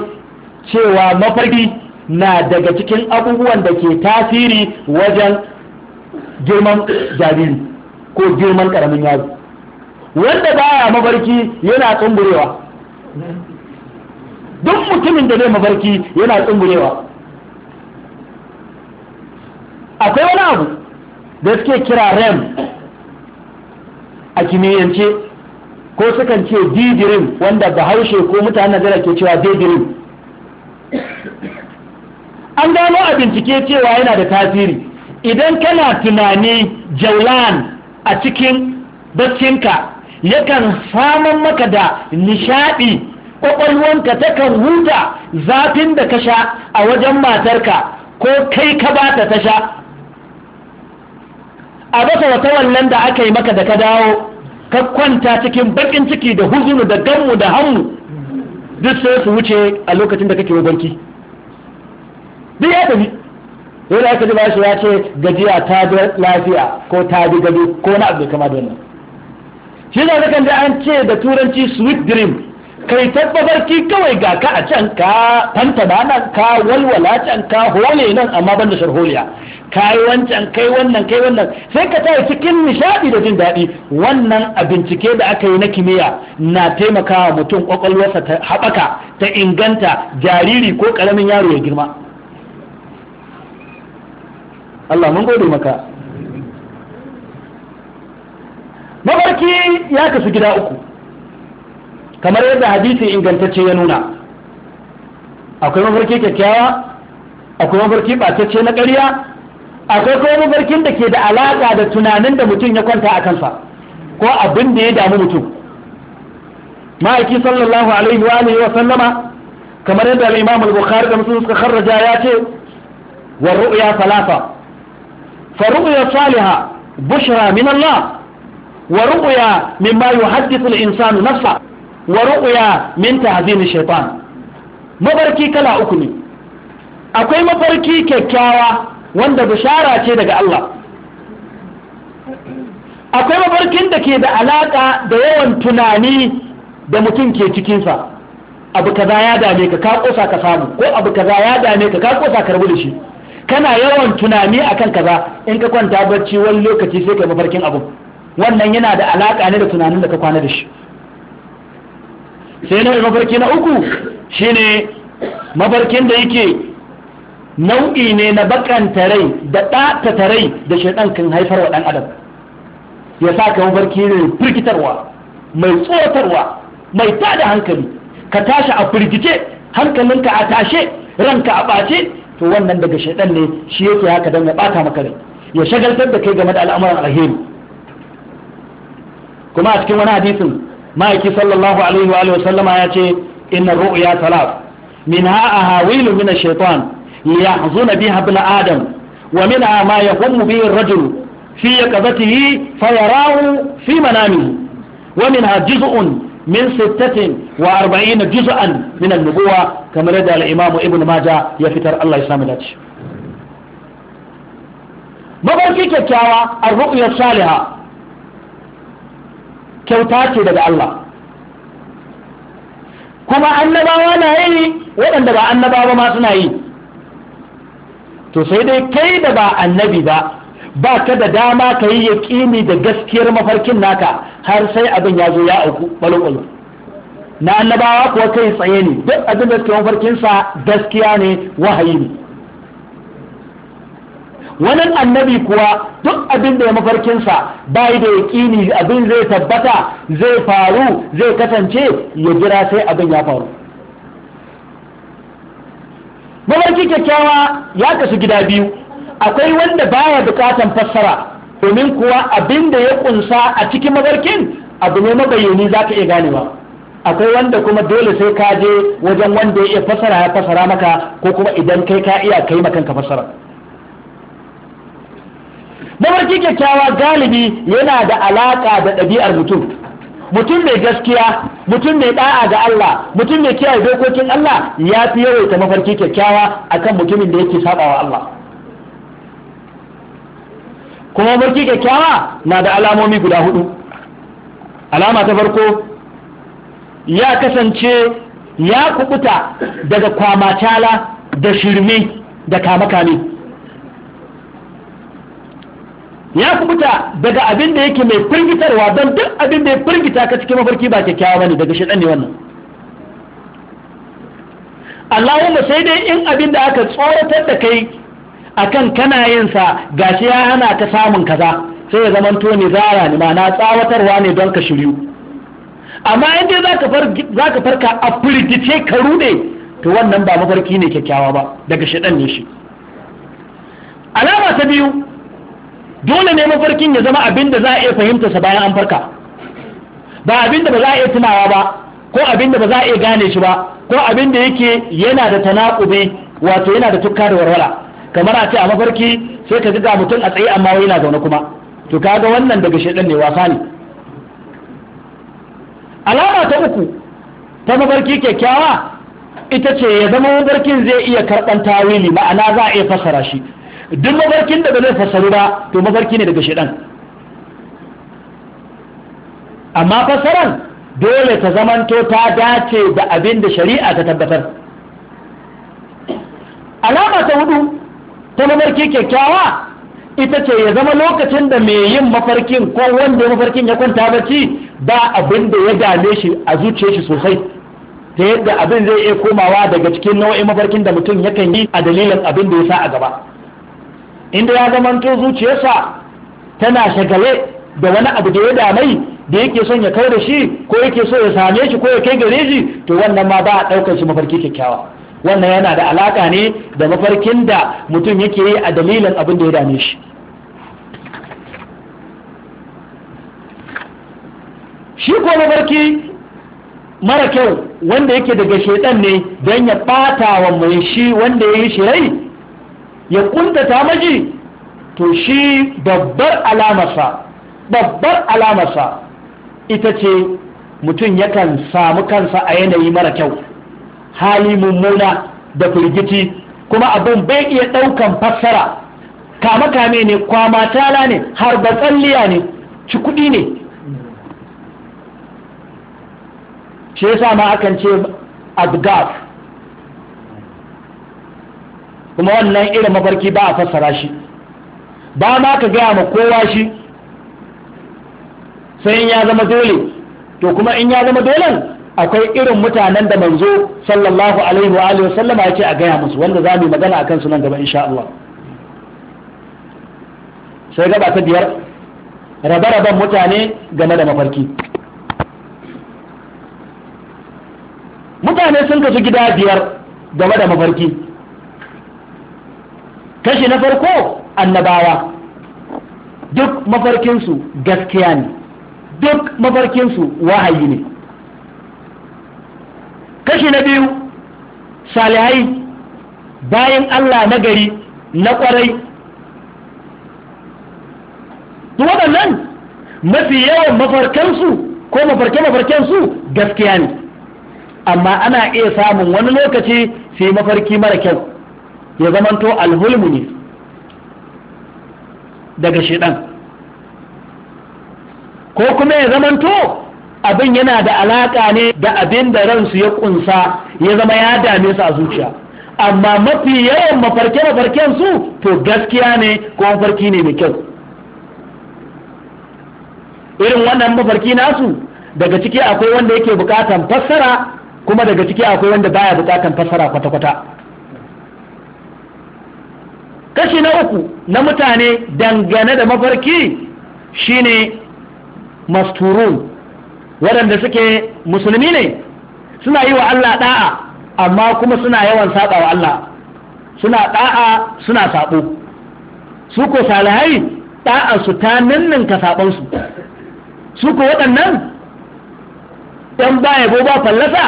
[SPEAKER 1] cewa mafarki na daga cikin abubuwan da ke tasiri wajen girman jariri ko girman karamin yaro wanda baya mafarki yana tsumburewa duk mutumin da zai mafarki yana tsumburewa akwai wani abu da suke kira rem a kimiyyance ko sukan ce didirin wanda bahaushe ko mutanen najeriya ke cewa didirin an gano a bincike cewa yana da tasiri idan kana tunani jaulan a cikin baccinka yakan saman maka da nishaɗi nishadi kwakwalwanka kan huta zafin da ka sha a wajen matarka ko kai ka ba ta sha a baka wata wannan da aka yi maka da ka dawo ka kwanta cikin bakin ciki da huzunu da gammu da hannu duk sai su wuce a lokacin da kake wabanki duk ya tafi dole aka ji bashi ya ce gajiya ta bi lafiya ko ta bi gado ko na abu kama da wannan shi ne zakan da an ce da turanci sweet dream kai barki kawai ga ka a can ka tantana nan ka walwala can ka hole nan amma ban da sharholiya kai wancan kai wannan kai wannan sai ka taya cikin nishadi da jin daɗi wannan a bincike da aka yi na kimiyya na taimakawa mutum kwakwalwarsa ta haɓaka ta inganta jariri ko ƙaramin yaro ya girma Allah mun gode maka mafarki ya kasu gida uku kamar yadda hadisi ingantacce ya nuna akwai mafarki kyakkyawa akwai mafarki ɓatacce na ƙarya akwai kuma mafarkin da ke da alaƙa da tunanin da mutum ya kwanta a kansa ko abin da ya damu mutum ma'aiki sallallahu alaihi wa alihi wa sallama kamar yadda al-Imam al-Bukhari da Muslim suka kharraja ya ce wa ru'ya salafa fa ru'ya salihah bushra min Allah wa ru'ya mimma yuhaddithu al-insanu nafsa wa ru'ya min tahzin ash-shaytan mafarki kala uku ne akwai mafarki kyakkyawa wanda bishara ce daga Allah akwai mafarkin da ke da alaƙa da yawan tunani da mutum ke cikinsa abu kaza ya dame ka ka kosa ka samu ko abu kaza ya dame ka ka kosa ka rabu da shi kana yawan tunani akan kaza in ka kwanta barci wani lokaci sai ka mafarkin abu wannan yana da alaƙa ne da tunanin da ka kwana da shi sai na mafarki na uku shine mafarkin da yake nau'i ne na bakanta rai da ɗata tarai da shaidan kan haifar wa ɗan adam ya sa ka barki ne firgitarwa mai tsoratarwa mai tada hankali ka tashi a firgice hankalinka a tashe ranka a ɓace to wannan daga shaidan ne shi yake haka don ya ɓata maka rai ya shagaltar da kai game da al'amuran alheri kuma a cikin wani hadisin ma'aiki sallallahu alaihi wa sallama ya ce inna ru'ya talaf min ha'aha wilu min shaitan ليحزن بها ابن آدم ومنها ما يقوم به الرجل في يقظته فيراه في منامه ومنها جزء من ستة وأربعين جزءا من النبوة كما لدى الإمام ابن ماجه يفتر الله يسامي لك mafarki kyakkyawa a ru'uyar saliha kyauta ce daga Allah kuma annabawa na yi waɗanda ba annabawa ma suna yi to sai dai kai da ba annabi ba ba ka da dama ka yi yaƙini da gaskiyar mafarkin naka har sai abin ya zo ya auku ɓalo na annabawa kuwa kai tsaye ne duk abin da suke mafarkinsa gaskiya ne wahayi ne wani annabi kuwa duk abin da ya mafarkinsa yi da yaƙini abin zai tabbata zai faru zai kasance ya jira sai abin ya faru mafarki kyakkyawa ya kasu gida biyu akwai wanda baya bukatan fassara domin kuwa abin da ya kunsa a cikin mafarkin abu ne mabayyani za ka iya ganewa akwai wanda kuma dole sai ka je wajen wanda ya iya fassara ya fassara maka ko kuma idan kai ka iya kai makanka ka fassara mafarki kyakkyawa galibi yana da alaka da ɗabi'ar mutum mutum mai gaskiya mutum mai ɗa'a ga Allah mutum mai kiyaye dokokin Allah ya fi yawaita mafarki kyakkyawa akan mutumin da yake sabawa Allah kuma mafarki kyakkyawa na da alamomi guda hudu alama ta farko ya kasance ya kubuta daga kwamacala da shirme da kame-kame ya kubuta daga abin da yake mai firgitarwa don duk abin da ya firgita ka cikin mafarki ba kyakkyawa bane daga shaitan ne wannan Allahumma sai dai in abin da aka tsoratar da kai akan kana yin sa gashi ya hana ka samun kaza sai ya zama to ne zara ne ma'ana tsawatarwa ne don ka shiryu amma in dai za ka farka a firgice ka rude to wannan ba mafarki ne kyakkyawa ba daga shaitan ne shi alama ta biyu dole ne mafarkin ya zama abin da za a iya fahimta sa bayan an farka ba abin da ba za a iya tunawa ba ko abin da ba za a iya gane shi ba ko abin da yake yana da tanakube wato yana da tukka da warwala kamar a ce a mafarki sai ka ga mutum a tsaye amma yana zaune kuma to kaga wannan daga shedan ne wasa ne alama ta uku ta mafarki kyakkyawa ita ce ya zama mafarkin zai iya karɓan tawili ma'ana za a iya fassara shi duk mafarkin da ba zai fasaru ba to mafarki ne daga shaidan amma fasaran dole ta zamanto ta dace da abin da shari'a ta tabbatar alama ta hudu ta mafarki kyakkyawa ita ce ya zama lokacin da mai yin mafarkin ko wanda mafarkin ya kwanta bacci ba abin da ya dame shi a zuciya shi sosai ta yadda abin zai iya komawa daga cikin nau'in mafarkin da mutum yakan yi a dalilin abin da ya sa a gaba inda ya zamanto zuciyarsa tana shagale da wani abu da ya damai da yake son ya kai da shi ko yake so ya same shi ko ya kai gare shi to wannan ma ba a ɗaukar shi mafarki kyakkyawa wannan yana da alaka ne da mafarkin da mutum yake yi a dalilin abin da ya dame shi shi ko mafarki mara kyau wanda yake daga shaidan ne don ya ɓata wa mai shi wanda ya yi shi ya kuntata maji to shi babbar alamarsa babbar alamarsa ita ce mutum yakan samu kansa a yanayi mara kyau hali mummuna da firgiti, kuma abin bai iya ɗaukan fassara kama kame ne kwama tala ne har batsalliya ne ci kuɗi ne shi yasa ma akan ce abgaf kuma wannan irin mafarki ba a fassara shi ba ma ka gaya ma kowa shi sai in ya zama dole to kuma in ya zama dole akwai irin mutanen da manzo sallallahu alaihi wa alihi sallama ya ce a gaya musu wanda za mu magana akan su nan gaba insha Allah sai gaba ta biyar rabe-raben mutane game da mafarki mutane sun kasu gida biyar game da mafarki kashi na farko annabawa duk mafarkinsu gaskiya ne duk mafarkinsu wahayi ne kashi na biyu salihai bayan Allah na gari na kwarai duk waɗannan mafi yawan mafarkansu ko mafarke-mafarkensu gaskiya ne amma ana iya samun wani lokaci sai mafarki mara kyau ya zamanto alhulmu ne daga shidan ko kuma ya zamanto abin yana da alaka ne da abin da ransu ya kunsa ya zama ya dame su a zuciya amma mafi yawan mafarke-mafarken su to gaskiya ne ko mafarki ne mai kyau irin wannan mafarki nasu daga ciki akwai wanda yake bukatan fassara kuma daga ciki akwai wanda baya bukatan fassara kwata-kwata kashi na uku na mutane dangane da mafarki shine masturun waɗanda suke musulmi ne suna yi wa Allah ɗa'a amma kuma suna yawan saɓa wa Allah suna ɗa'a suna saɓo su ko salihai ɗa'a su ta ninninka saɓonsu su ko waɗannan ɗan baya ko ba fallasa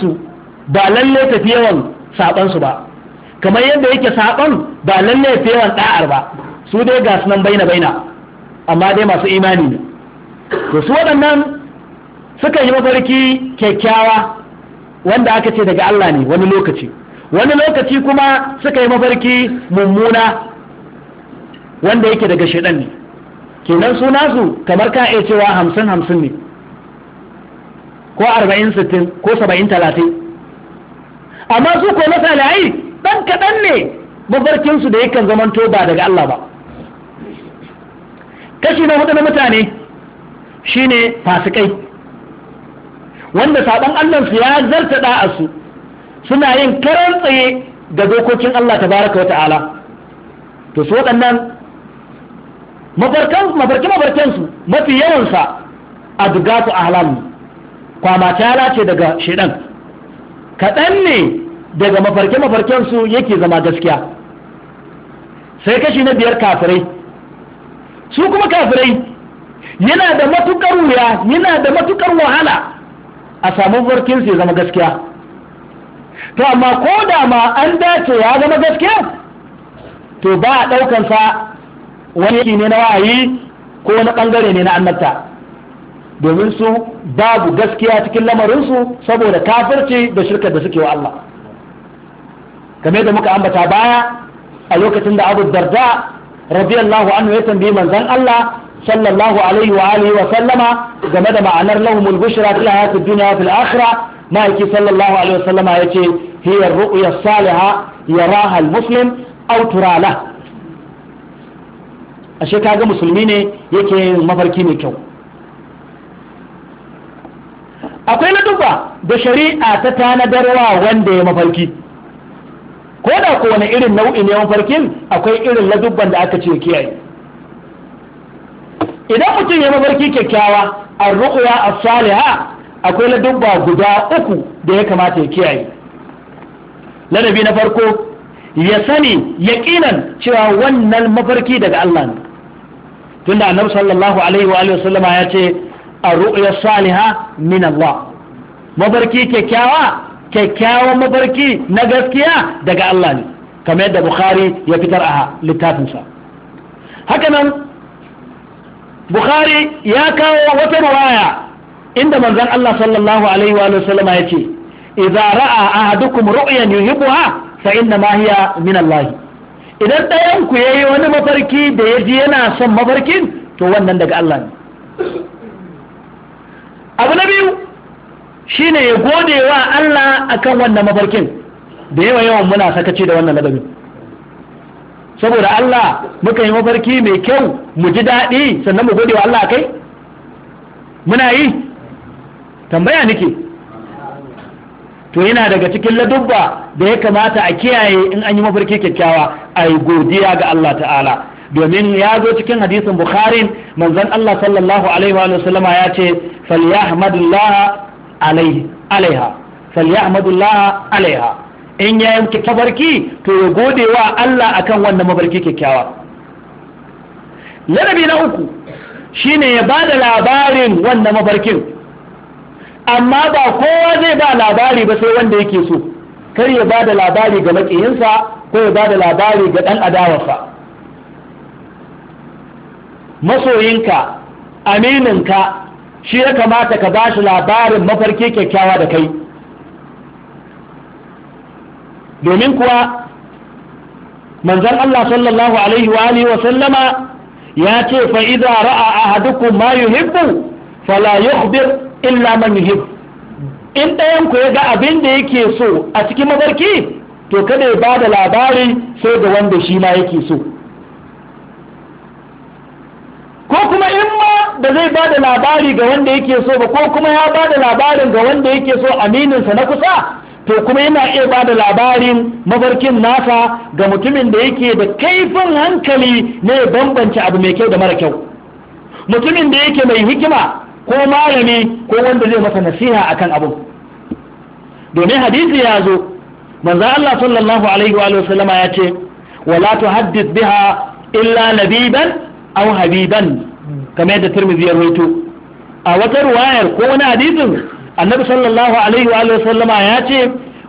[SPEAKER 1] su ba lalle tafi yawan saɓonsu ba kamar yadda yake saban ba lallai fi yawan da'ar ba su dai ga su nan baina baina amma dai masu imani ne to su waɗannan suka yi mafarki kyakkyawa wanda aka ce daga Allah ne wani lokaci wani lokaci kuma suka yi mafarki mummuna wanda yake daga shaidan ne kenan su kamar ka iya cewa hamsin hamsin ne ko arba'in sittin ko saba'in talatin amma su ko masalai Ɗan kaɗan ne mafarkinsu da yakan zamanto ba daga Allah ba kashi na hudu na mutane shine fasikai wanda saɓon allansu ya zarta su, suna yin karan tsaye da dokokin Allah tabaraka wa ta'ala to su waɗannan mafarki-mafarkinsu mafi yawansa a dugatu a halal kwamata ya ce daga shidan kaɗan ne daga mafarke mafarken su yake zama gaskiya sai kashi na biyar kafirai su kuma kafirai yana da matukar wuya yana da matukar wahala a samu mafarkin su ya zama gaskiya to amma ko da ma an dace ya zama gaskiya to ba a ɗaukansa wani yaki ne na wa'ayi ko na bangare ne na annabta domin su babu gaskiya cikin lamarinsu saboda kafirci da shirka da suke wa Allah game da muka ambata baya a lokacin da abu darda radiyallahu anhu ya tambayi manzon Allah sallallahu alaihi wa alihi wa sallama game da ma'anar lahumul bushra fil hayati dunya fil akhirah ma'aiki sallallahu alaihi wa sallama yace hiya ruya salihah yaraha al-muslim aw turala. ashe kaga musulmi ne yake yin mafarki mai kyau akwai na duba da shari'a ta tanadarwa wanda ya mafarki ko da ko wani irin nau'i ne mafarkin akwai irin ladubban da aka ce kiyaye idan mutum ya mafarki kyakkyawa a ru'uya a saliha akwai ladubba guda uku da ya kamata ya kiyaye ladabi na farko ya sani yaƙinan cewa wannan mafarki daga Allah ne da annabi sallallahu alaihi wa alihi wasallama ya ce a ru'ya saliha min Allah mafarki kyakkyawa kyakkyawan mafarki na gaskiya daga Allah ne kamar yadda Bukhari ya fitar a littafinsa hakanan Bukhari ya kawo wata ruwaya inda manzon Allah sallallahu alaihi wa sallama ya ce idza ra'a ahadukum ru'yan yuhibbuha fa inna ma hiya min Allah idan ɗayan ku yayi wani mafarki da ya ji yana son mafarkin to wannan daga Allah ne abu na biyu Shi ne ya gode wa Allah akan wannan mafarkin da yawa yawan muna sakaci da wannan ladabi saboda Allah muka yi mafarki mai kyau mu ji daɗi sannan mu gode wa Allah kai muna yi tambaya nake to yana daga cikin ladubba da ya kamata a kiyaye in an yi mafarki kyakkyawa a yi godiya ga Allah ta'ala domin ya zo cikin hadisin bukharin manzon Allah sallallahu alaihi wa sallama ya ce falyahmadullah alaiha falyahmadullah alaiha in ya yanke tabarki to ya gode wa Allah akan wannan mabarki kyakkyawa ladabi na uku shine ya ba da labarin wannan mabarkin amma ba kowa zai ba labari ba sai wanda yake so kar ya ba da labari ga makiyinsa ko ya ba da labari ga ɗan adawarsa masoyinka amininka shi ya kamata ka ba shi labarin mafarki kyakkyawa da kai domin kuwa manzon Allah sallallahu alaihi wa wa sallama ya ce fa idza ra'a ahadukum ma yuhibbu fala yukhbir illa man yuhibbu in ɗayan ku ya ga abin da yake so a cikin mafarki to kada ya ba da labari sai da wanda shi ma yake so ko kuma in ma da zai ba da labari ga wanda yake so ba ko kuma ya ba da labarin ga wanda yake so amininsa na kusa to kuma yana iya ba da labarin mafarkin nasa ga mutumin da yake da kaifin hankali ne bambance abu mai kyau da mara kyau mutumin da yake mai hikima ko malami ko wanda zai masa nasiha akan abu domin hadisi ya zo manzo Allah sallallahu alaihi wa sallama ya ce wala tuhaddith biha illa nabiban aw habiban kamar yadda tirmidhi ya rawaito a wata ruwayar ko wani hadisin annabi sallallahu alaihi wa sallama ya ce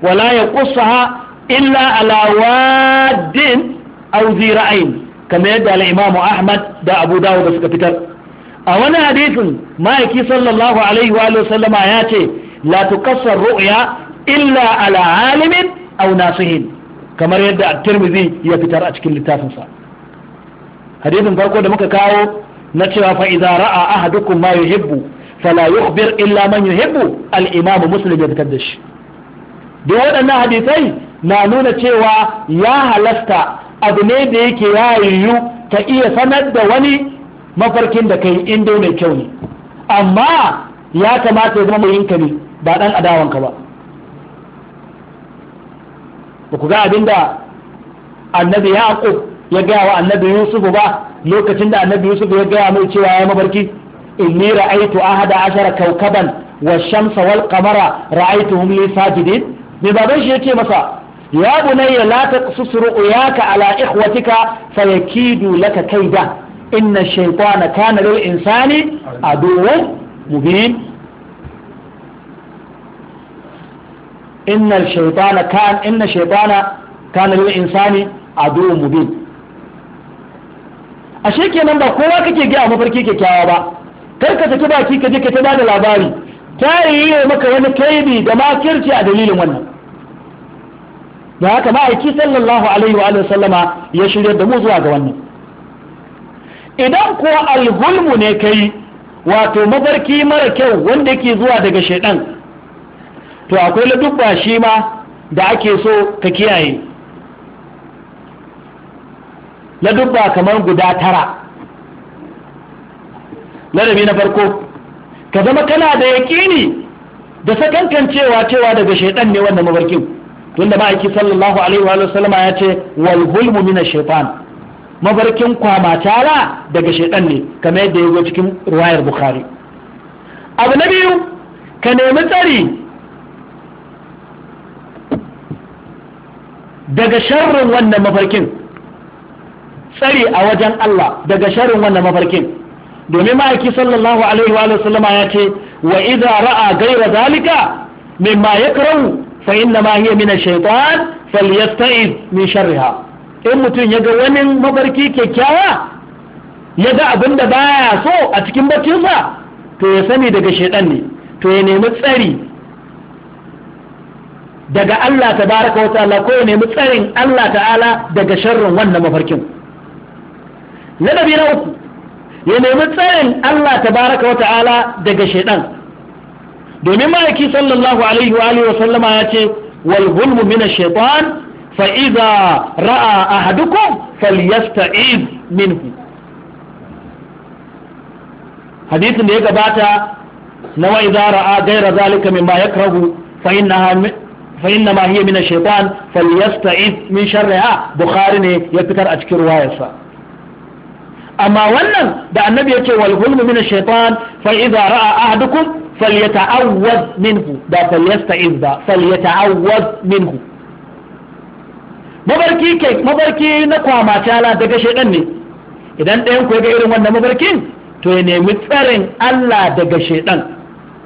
[SPEAKER 1] wala yaqussaha illa ala waddin aw zira'ain kamar yadda al-imamu ahmad da abu dawud suka fitar a wani hadisin ma'aiki sallallahu alaihi wa sallama ya ce la tukassar ru'ya illa ala alimin aw nasihin kamar yadda at-tirmidhi ya fitar a cikin littafinsa hadisin farko da muka kawo na cewa fa idza ra'a ahadukum ma yuhibbu fala yukhbir illa man yuhibbu al-imam muslim ya da shi waɗannan hadisai na nuna cewa ya halasta abu ne da yake ya yiwu ka iya sanar da wani mafarkin da kai in dai kyau ne amma ya kamata ya zama mai yinka ne ba dan adawanka ba ba ku ga abinda annabi yaqub ya gaya wa annabi yusuf ba lokacin da annabi yusuf ya gaya mai cewa ya mabarki inni ra'aytu ahada ashara kawkaban wa shamsa wal qamara ra'aytuhum li sajidin me baban shi yake masa ya bunayya la taqsus ru'yaka ala ikhwatika fayakidu laka kaida inna shaytana kana lil insani aduwwan mubin inna shaytana kana inna shaytana kana lil insani aduwwan mubin ashe kenan ba kowa kake gaya mafarki kyakkyawa ba kar ka saki baki ka je ka ta da labari ta yi maka wani ka'ibi da makirci a dalilin wannan da haka ma'aiki sallallahu alaihi wa sallama ya shirya da mu zuwa ga wannan idan ko alhulmu ne kai wato mafarki mara kyau wanda yake zuwa daga shaidan to akwai ladubba shi ma da ake so ka kiyaye dubba kamar guda tara ladabi na farko ka zama kana da yaƙini da sakankan cewa cewa daga shaidan ne wannan mabarkin tunda ma'aiki sallallahu alaihi wa sallama ya ce wal hulmu min mabarkin kwama tara daga shaidan ne kamar yadda ya zo cikin ruwayar bukhari abu na biyu ka nemi tsari daga sharrin wannan mafarkin tsari a wajen Allah daga sharin wannan mafarkin domin ma'aiki sallallahu alaihi wa sallama ya ce wa idza ra'a ghayra zalika mimma yakrahu fa inna ma hiya min ash-shaytan falyasta'iz min sharriha in mutum ya ga wani mafarki kyakkyawa ya ga abin da baya so a cikin bakinsa to ya sani daga shaidan ne to ya nemi tsari daga Allah tabaraka wa ta'ala ko ya nemi tsarin Allah ta'ala daga sharrin wannan mafarkin ladabi na uku ya nemi tsarin Allah tabaraka wa ta'ala daga shaidan domin ma'aiki sallallahu alaihi wa alihi wa sallama ya ce wal hulmu min ash-shaytan fa idza ra'a ahadukum falyasta'iz minhu hadisin da ya gabata na wa idza ra'a ghayra zalika mimma yakrahu fa innaha fa inna ma hiya min ash-shaytan falyasta'iz min sharriha bukhari ne ya fitar a cikin ruwayarsa amma wannan da annabi yake wal hulmu min ash-shaytan fa idza ra'a ahadukum falyata'awwaz minhu da falyasta'iz ba falyata'awwaz minhu mabarki ke mabarki na kwamacala daga shaytan ne idan ɗayan ku ya ga irin wannan mabarkin to ya nemi tsarin Allah daga shaytan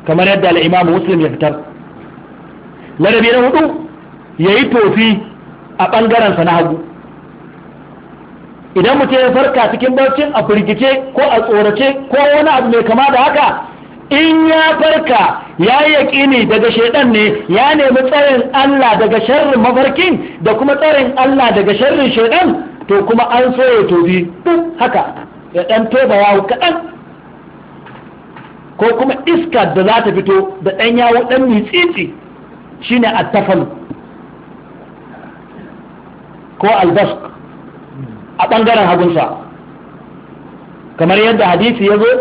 [SPEAKER 1] kamar yadda al-Imam Muslim ya fitar larabi na hudu yayi tofi a bangaren sa na hagu idan mutum ya farka cikin barcin a firgice ko a tsorace ko wani abu mai kama da haka in ya farka ya yi yaƙini daga shaidan ne ya nemi tsarin Allah daga sharrin mafarkin da kuma tsarin Allah daga sharrin shaidan to kuma an so ya tobi duk haka ya ɗan toba yawo kaɗan ko kuma iska da za ta fito da ɗan yawo ɗan mitsitsi shine attafal ko albasku a ɓangaren hagunsa kamar yadda hadisi ya zo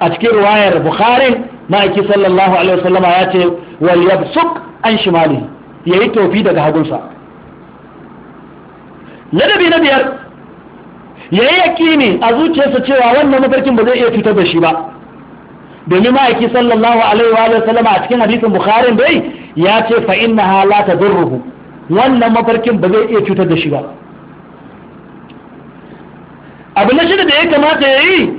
[SPEAKER 1] a cikin ruwayar bukhari ma'aiki sallallahu alaihi wasallama ya ce wal yabsuk an shimali ya yi tofi daga hagunsa ladabi na biyar ya yi yakini a zuciyarsa cewa wannan mafarkin ba zai iya cutar da shi ba domin ma'aiki sallallahu alaihi wasallama a cikin hadisin bukhari dai ya ce fa'in na halata zurruhu wannan mafarkin ba zai iya cutar da shi ba abu na shida da ya kamata ya yi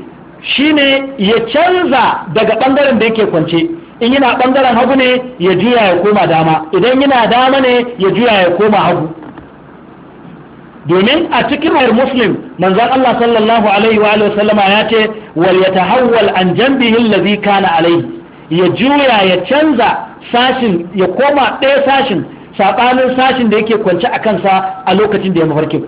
[SPEAKER 1] shine ya canza daga ɓangaren da yake kwance in yana ɓangaren hagu ne ya juya ya koma dama idan yana dama ne ya juya ya koma hagu domin a cikin wayar muslim manzan Allah sallallahu alaihi wa sallama ya ce wal yatahawwal an janbihi allazi kana alaihi ya juya ya canza sashin ya koma ɗaya sashin saɓanin sashin da yake kwance a kansa a lokacin da ya mafarkin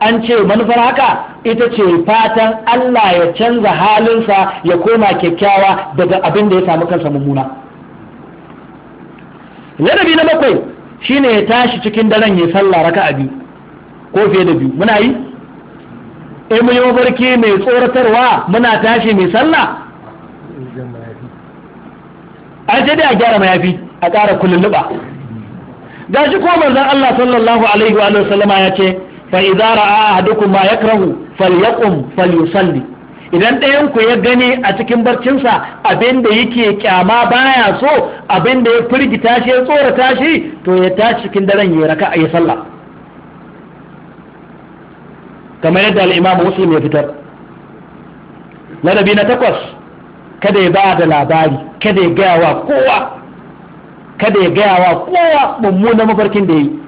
[SPEAKER 1] an ce manufar haka ita ce fatan Allah ya canza halinsa ya koma kyakkyawa daga abin da ya samu kansa mummuna ladabi na bakwai shine ya tashi cikin daren ya sallah raka a biyu ko fiye da biyu muna yi E, eh, mu yi mafarki mai tsoratarwa muna tashi mai sallah an ce dai a gyara mayafi a ƙara kullum Gashi ko manzon Allah sallallahu alaihi wa sallama ya ce fa idza ra'a ahadukum ma yakrahu falyaqum falyusalli idan ɗayan ku ya gani a cikin barcinsa abin da yake kyama baya so abinda ya firgita shi ya tsora tashi, to ya tashi cikin daren ya raka ya sallah kamar yadda al muslim ya fitar ladabi na takwas kada ya ba da labari kada ya gaya wa kowa kada ya gaya wa kowa mummunan mafarkin da ya yi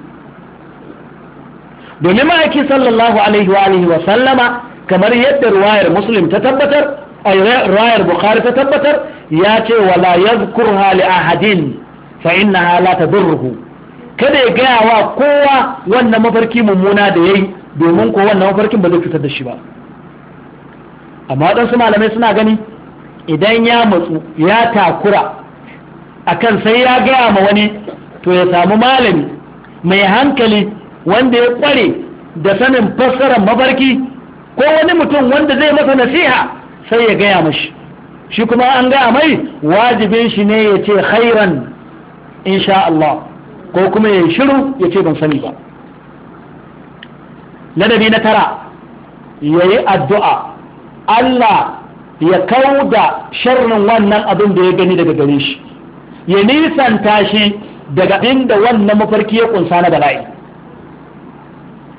[SPEAKER 1] domin ma'aiki sallallahu alaihi wa alihi wa sallama kamar yadda ruwayar muslim ta tabbatar a ruwayar bukhari ta tabbatar ya ce wa wala yadhkurha li ahadin fa innaha la tadurruhu kada ya gaya wa kowa wannan mafarki mummuna da yayi domin ko wannan mafarkin ba zai fitar da shi ba amma waɗansu malamai suna gani idan ya matsu ya takura akan sai ya gaya ma wani to ya samu malami mai hankali wanda ya kware da sanin fassarar mafarki ko wani mutum wanda zai masa nasiha sai ya gaya mashi shi kuma an gaya mai wajibin shi ne ya ce khairan insha Allah ko kuma ya shiru ya ce ban sani ba ladabi na tara ya yi addu'a Allah ya kau da sharrin wannan abin da ya gani daga gare shi ya nisanta shi daga inda wannan mafarki ya kunsa na bala'i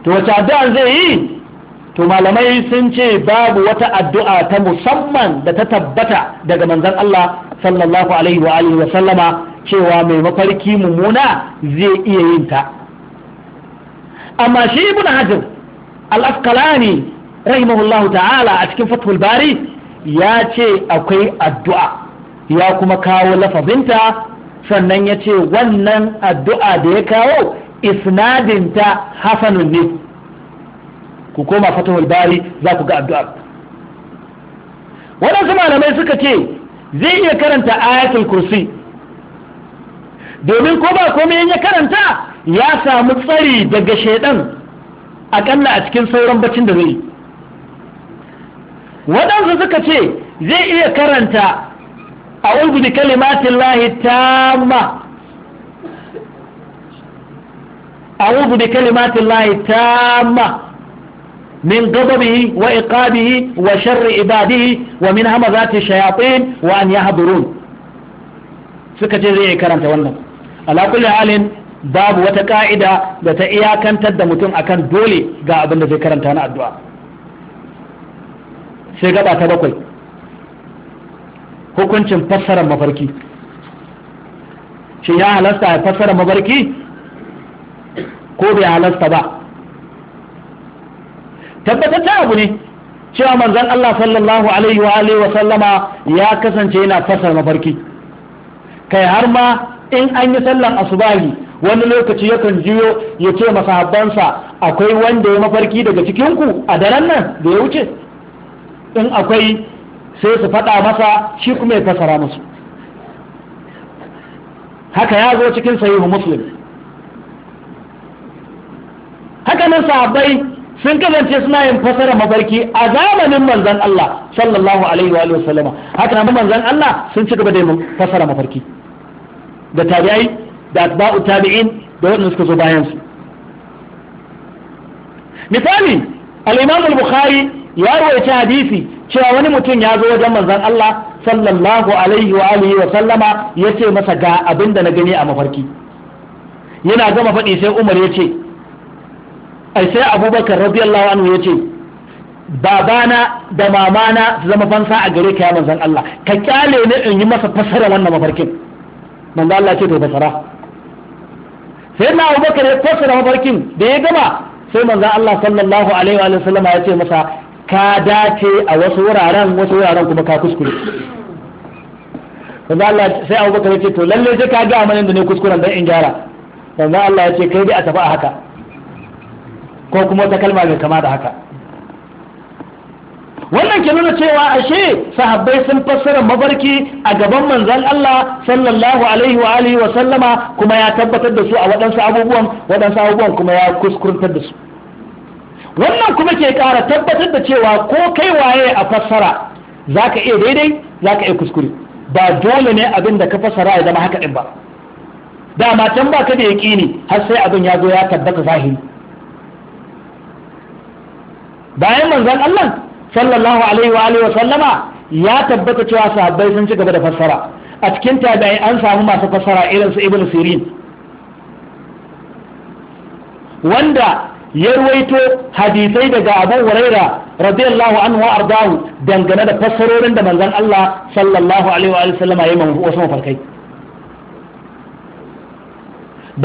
[SPEAKER 1] to wace addu'a zai yi to malamai sun ce babu wata addu'a ta musamman da ta tabbata daga manzon Allah sallallahu alaihi wa alihi wa sallama cewa mai mafarki mummuna zai iya yin ta amma shi ibn hajar al-asqalani rahimahullahu ta'ala a cikin fathul bari ya ce akwai addu'a ya kuma kawo lafazinta sannan ya ce wannan addu'a da ya kawo isnadinta hasanun ne ku koma fatahul bari za ku ga addu'ar. waɗansu malamai suka ce zai iya karanta ayatul kursi domin ko ba komai ya karanta ya samu tsari daga shaidan akalla a cikin sauran baccin da zai yi waɗansu suka ce zai iya karanta a ulgubi kalimatin lahi tamma a'udhu bi kalimati llahi tamma من غضبه وإقابه وشر wa ومن همزات الشياطين وأن يحضرون سكتي زي كرمت wannan ala kulli halin babu wata ka'ida da ta iyakantar da mutum akan dole ga abin da zai karanta na addu'a sai gaba ta bakwai hukuncin fassarar mafarki shi ya halasta ya fassara mafarki ko bai halasta ba tabbataccen abu ne cewa manzon Allah sallallahu alaihi wa wa sallama ya kasance yana fasar mafarki kai har ma in an yi sallan asubahi wani lokaci yakan juyo ya ce masahabbansa akwai wanda ya mafarki daga cikinku a daren nan da ya wuce in akwai sai su faɗa masa shi kuma ya fasara musu haka ya zo cikin sahihu muslim haka nan sahabbai sun kasance suna yin fasara mafarki a zamanin Manzan Allah sallallahu alaihi wa sallama haka nan manzan Allah sun ci gaba da yin fasara mafarki da tabi'ai da atba'u tabi'in da waɗanda suka zo bayan su misali al-Imam al-Bukhari ya rawaita hadisi cewa wani mutum ya zo wajen Manzan Allah sallallahu alaihi wa alihi wa sallama yace masa ga abin da na gani a mafarki yana gama faɗi sai Umar ya ce ai sai abubakar radiyallahu anhu ya ce babana da mamana su zama fansa a gare ka ya manzan Allah ka kyale ne in yi masa fasara wannan mafarkin manzan Allah ce to fasara sai na abubakar ya fasara mafarkin da ya gama sai manzan Allah sallallahu alaihi wa sallama ya ce masa ka dace a wasu wuraren wasu wuraren kuma ka kuskure manzan Allah sai abubakar ya ce to lalle sai ka ga amanin da ne kuskuren dan in gyara manzan Allah ya ce kai dai a tafi a haka ko kuma wata kalma mai kama da haka wannan ke nuna cewa ashe sahabbai sun fassara mafarki a gaban manzan Allah sallallahu alaihi wa alihi wa sallama kuma ya tabbatar da su a waɗansu abubuwan waɗansu abubuwan kuma ya kuskurtar da su wannan kuma ke ƙara tabbatar da cewa ko kai waye a fassara za ka iya daidai za ka iya kuskure ba dole ne abin da ka fassara ya zama haka ɗin ba dama can ba ka da yaƙini har sai abin ya zo ya tabbata zahiri bayan manzon Allah sallallahu alaihi wa alihi wa sallama ya tabbata cewa sahabbai sun ci gaba da fassara a cikin tabi'ai an samu masu fassara irin su ibnu sirin wanda ya ruwaito hadisai daga abu huraira radiyallahu anhu ardahu dangane da fassarorin da manzon Allah sallallahu alaihi wa sallama ya mamu wasu mafarkai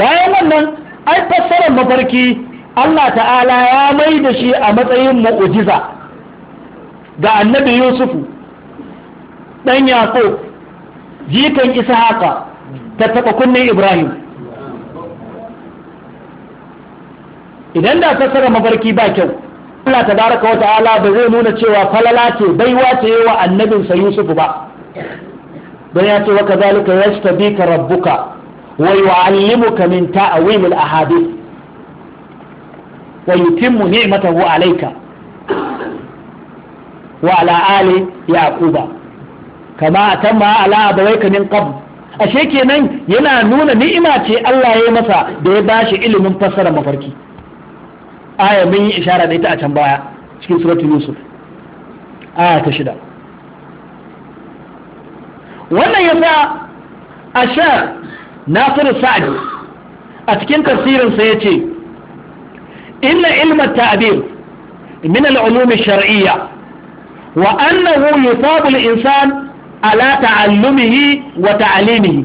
[SPEAKER 1] bayan wannan ai fassarar mafarki Allah ta'ala ya mai da shi a matsayin mu'ujiza ga annabi yusufu ɗan yaƙo jikan isa haka ta taɓa kunnen ibrahim idan da fassara mafarki ba kyau Allah ta baraka wa ta'ala ba zai nuna cewa falala ce baiwa ce wa annabinsa yusufu ba don ya ce wa kazalika ka, rabbuka wa yu'allimuka min ta'wil al-ahadith wa yutimmu ni'matahu alayka wa ala ali yaquba kama atamma ala abawayka min qabl ashe kenan yana nuna ni'ima ce Allah ya yi masa da ya bashi ilimin fassara mafarki aya mun yi ishara da ita a can baya cikin suratul yusuf aya ta shida wannan a ashar nasiru sa'adi a cikin tafsirinsa ya ce inna ilma ta'bir min al-ulum ash-shar'iyya wa annahu yusabu al-insan ala ta'allumihi wa ta'limihi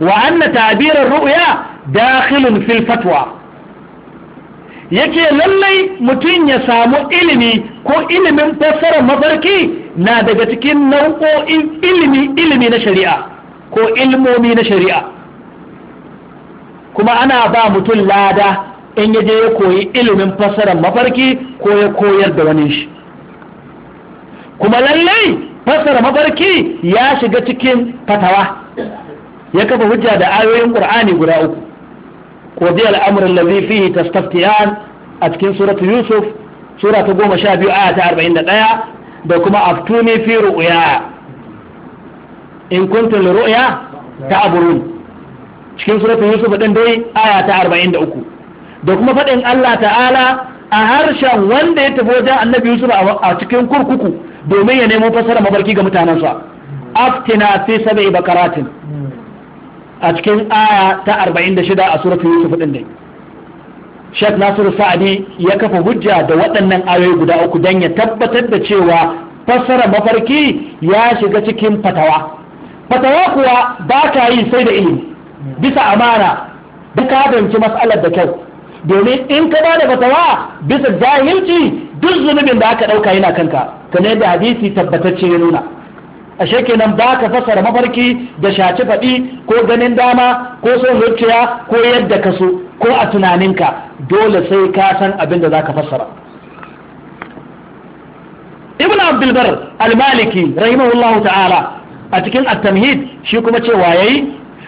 [SPEAKER 1] wa anna ta'bir ar-ru'ya dakhilun fil fatwa yake lallai mutum ya samu ilimi ko ilimin fassarar mafarki na daga cikin nau'o'in ilimi ilimi na shari'a ko ilmomi na shari'a kuma ana ba mutum lada in ya je ya koyi ilimin fassarar mafarki ko ya koyar da wani shi kuma lallai fassara mafarki ya shiga cikin fatawa ya kafa hujja da ayoyin ƙur'ani guda uku ko bi al'amuran ladhi ta tastaftiyan a cikin suratu yusuf sura ta goma sha biyu aya ta arba'in da ɗaya da kuma aftuni fi ru'ya in kuntum ru'ya ta aburun cikin suratu yusuf ɗin dai aya ta arba'in da uku da kuma faɗin Allah ta'ala a harshen wanda ya tafi wajen annabi Yusuf a cikin kurkuku domin ya nemo fasara mabarki ga mutanensa aftina fi sabai bakaratin a cikin aya ta 46 a suratul Yusuf din dai Sheikh Nasiru Sa'adi ya kafa hujja da waɗannan ayoyi guda uku dan ya tabbatar da cewa fassara mafarki ya shiga cikin fatawa. Fatawa kuwa ba ta yi sai da ilimi, bisa amana, da ka ci da kyau, domin in ka ba da fatawa bisa jahilci duk zunubin da aka ɗauka yana kanka kamar yadda hadisi tabbatacce ya nuna ashe kenan ba ka fasara mafarki da shaci faɗi ko ganin dama ko son zuciya ko yadda ka so ko a tunaninka dole sai ka san abin da za ka fassara ibn abdulbar al-maliki rahimahullahu ta'ala a cikin at-tamhid shi kuma cewa yayi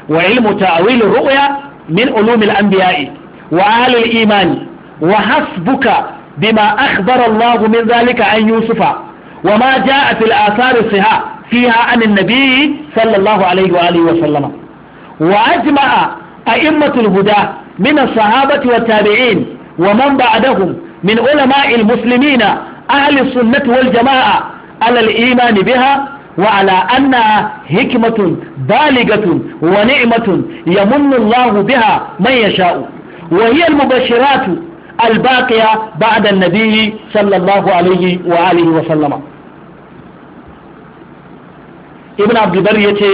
[SPEAKER 1] wa ilmu ta'wil ru'ya min ulumil anbiya'i وآل الإيمان وحسبك بما أخبر الله من ذلك عن يوسف وما جاء في الآثار الصحة فيها عن النبي صلى الله عليه وآله وسلم وأجمع أئمة الهدى من الصحابة والتابعين ومن بعدهم من علماء المسلمين أهل السنة والجماعة على الإيمان بها وعلى أنها حكمة بالغة ونعمة يمن الله بها من يشاء وهي المبشرات الباقية بعد النبي صلى الله عليه وآله وسلم ibn abdubar ya ce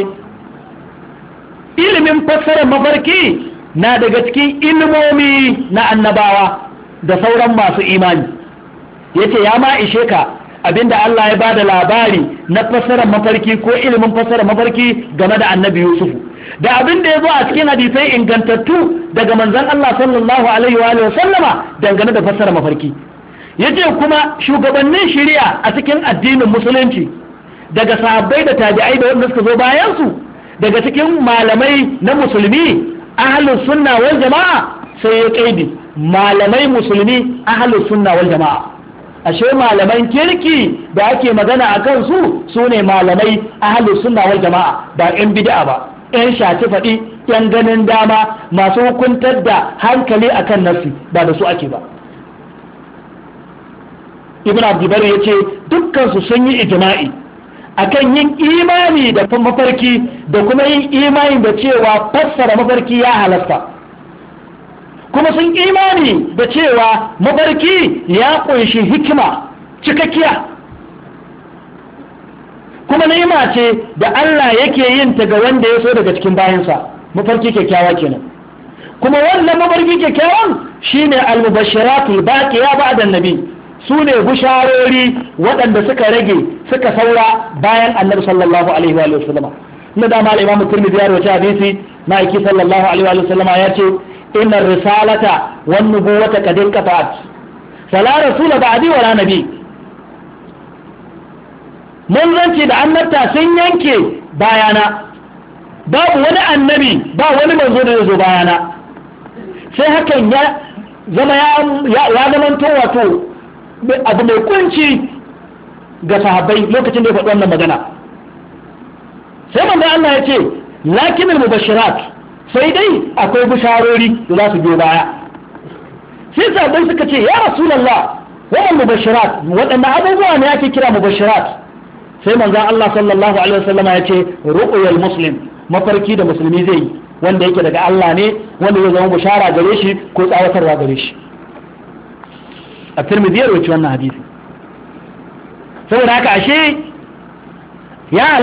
[SPEAKER 1] ilimin fassarar mafarki na daga cikin ilmomi na annabawa da sauran masu imani ya ce ya ma ka abinda Allah ya ba da labari na fassarar mafarki ko ilimin fassarar mafarki game da annabi yusufu da abin da ya zo a cikin hadisai ingantattu daga manzan Allah sallallahu alaihi wa sallama dangane da fassara mafarki Ya yace kuma shugabannin shari'a a cikin addinin musulunci daga sahabbai da tabi'ai da wanda suka zo bayansu, daga cikin malamai na musulmi ahlus sunna wal jama'a sai ya kaidi malamai musulmi ahlus sunna wal jama'a ashe malaman kirki da ake magana a kansu su ne malamai ahlus sunna wal jama'a ba 'yan bid'a ba 'yan shaci faɗi 'yan ganin dama masu hukuntar da hankali akan nafsi ba da su ake ba ibn abdulbari ya ce dukkansu sun yi ijima'i akan yin imani da mafarki da kuma yin imani da cewa fassara mafarki ya halasta kuma sun imani da cewa mafarki ya ƙunshi hikima cikakkiya kuma ni'ima ce da Allah yake yin ta ga wanda ya so daga cikin bayansa mafarki kyakkyawa kenan kuma wannan mafarki kyakkyawan shine al-mubashiratul baqiya ba'da nabi su ne bisharori waɗanda suka rage suka saura bayan annabi sallallahu alaihi wa sallama na dama al-imam tirmidhi ya rawaita hadisi na aiki sallallahu alaihi wa sallama ya ce inna risalata wan nubuwata qad qata'at fala rasula ba'di wala nabi zance da annabta sun yanke bayana babu wani annabi ba wani manzo da ya zo bayana sai hakan ya zama ya zamanto wato abu mai kunci ga sahabbai lokacin da ya faɗi wannan magana sai manzo Allah ya ce mu mubashirat sai dai akwai bisharori da za su biyo baya sai sahabbai suka ce ya rasulullah wannan mubashirat waɗannan abubuwa ne ake kira mubashirat sai manzo Allah sallallahu alaihi wasallama ya ce ru'yal muslim mafarki da musulmi zai yi wanda yake daga Allah ne wanda zai zama bushara gare shi ko tsawatarwa gare shi a Tirmidhi ya rawaito wannan hadisi saboda haka ashe ya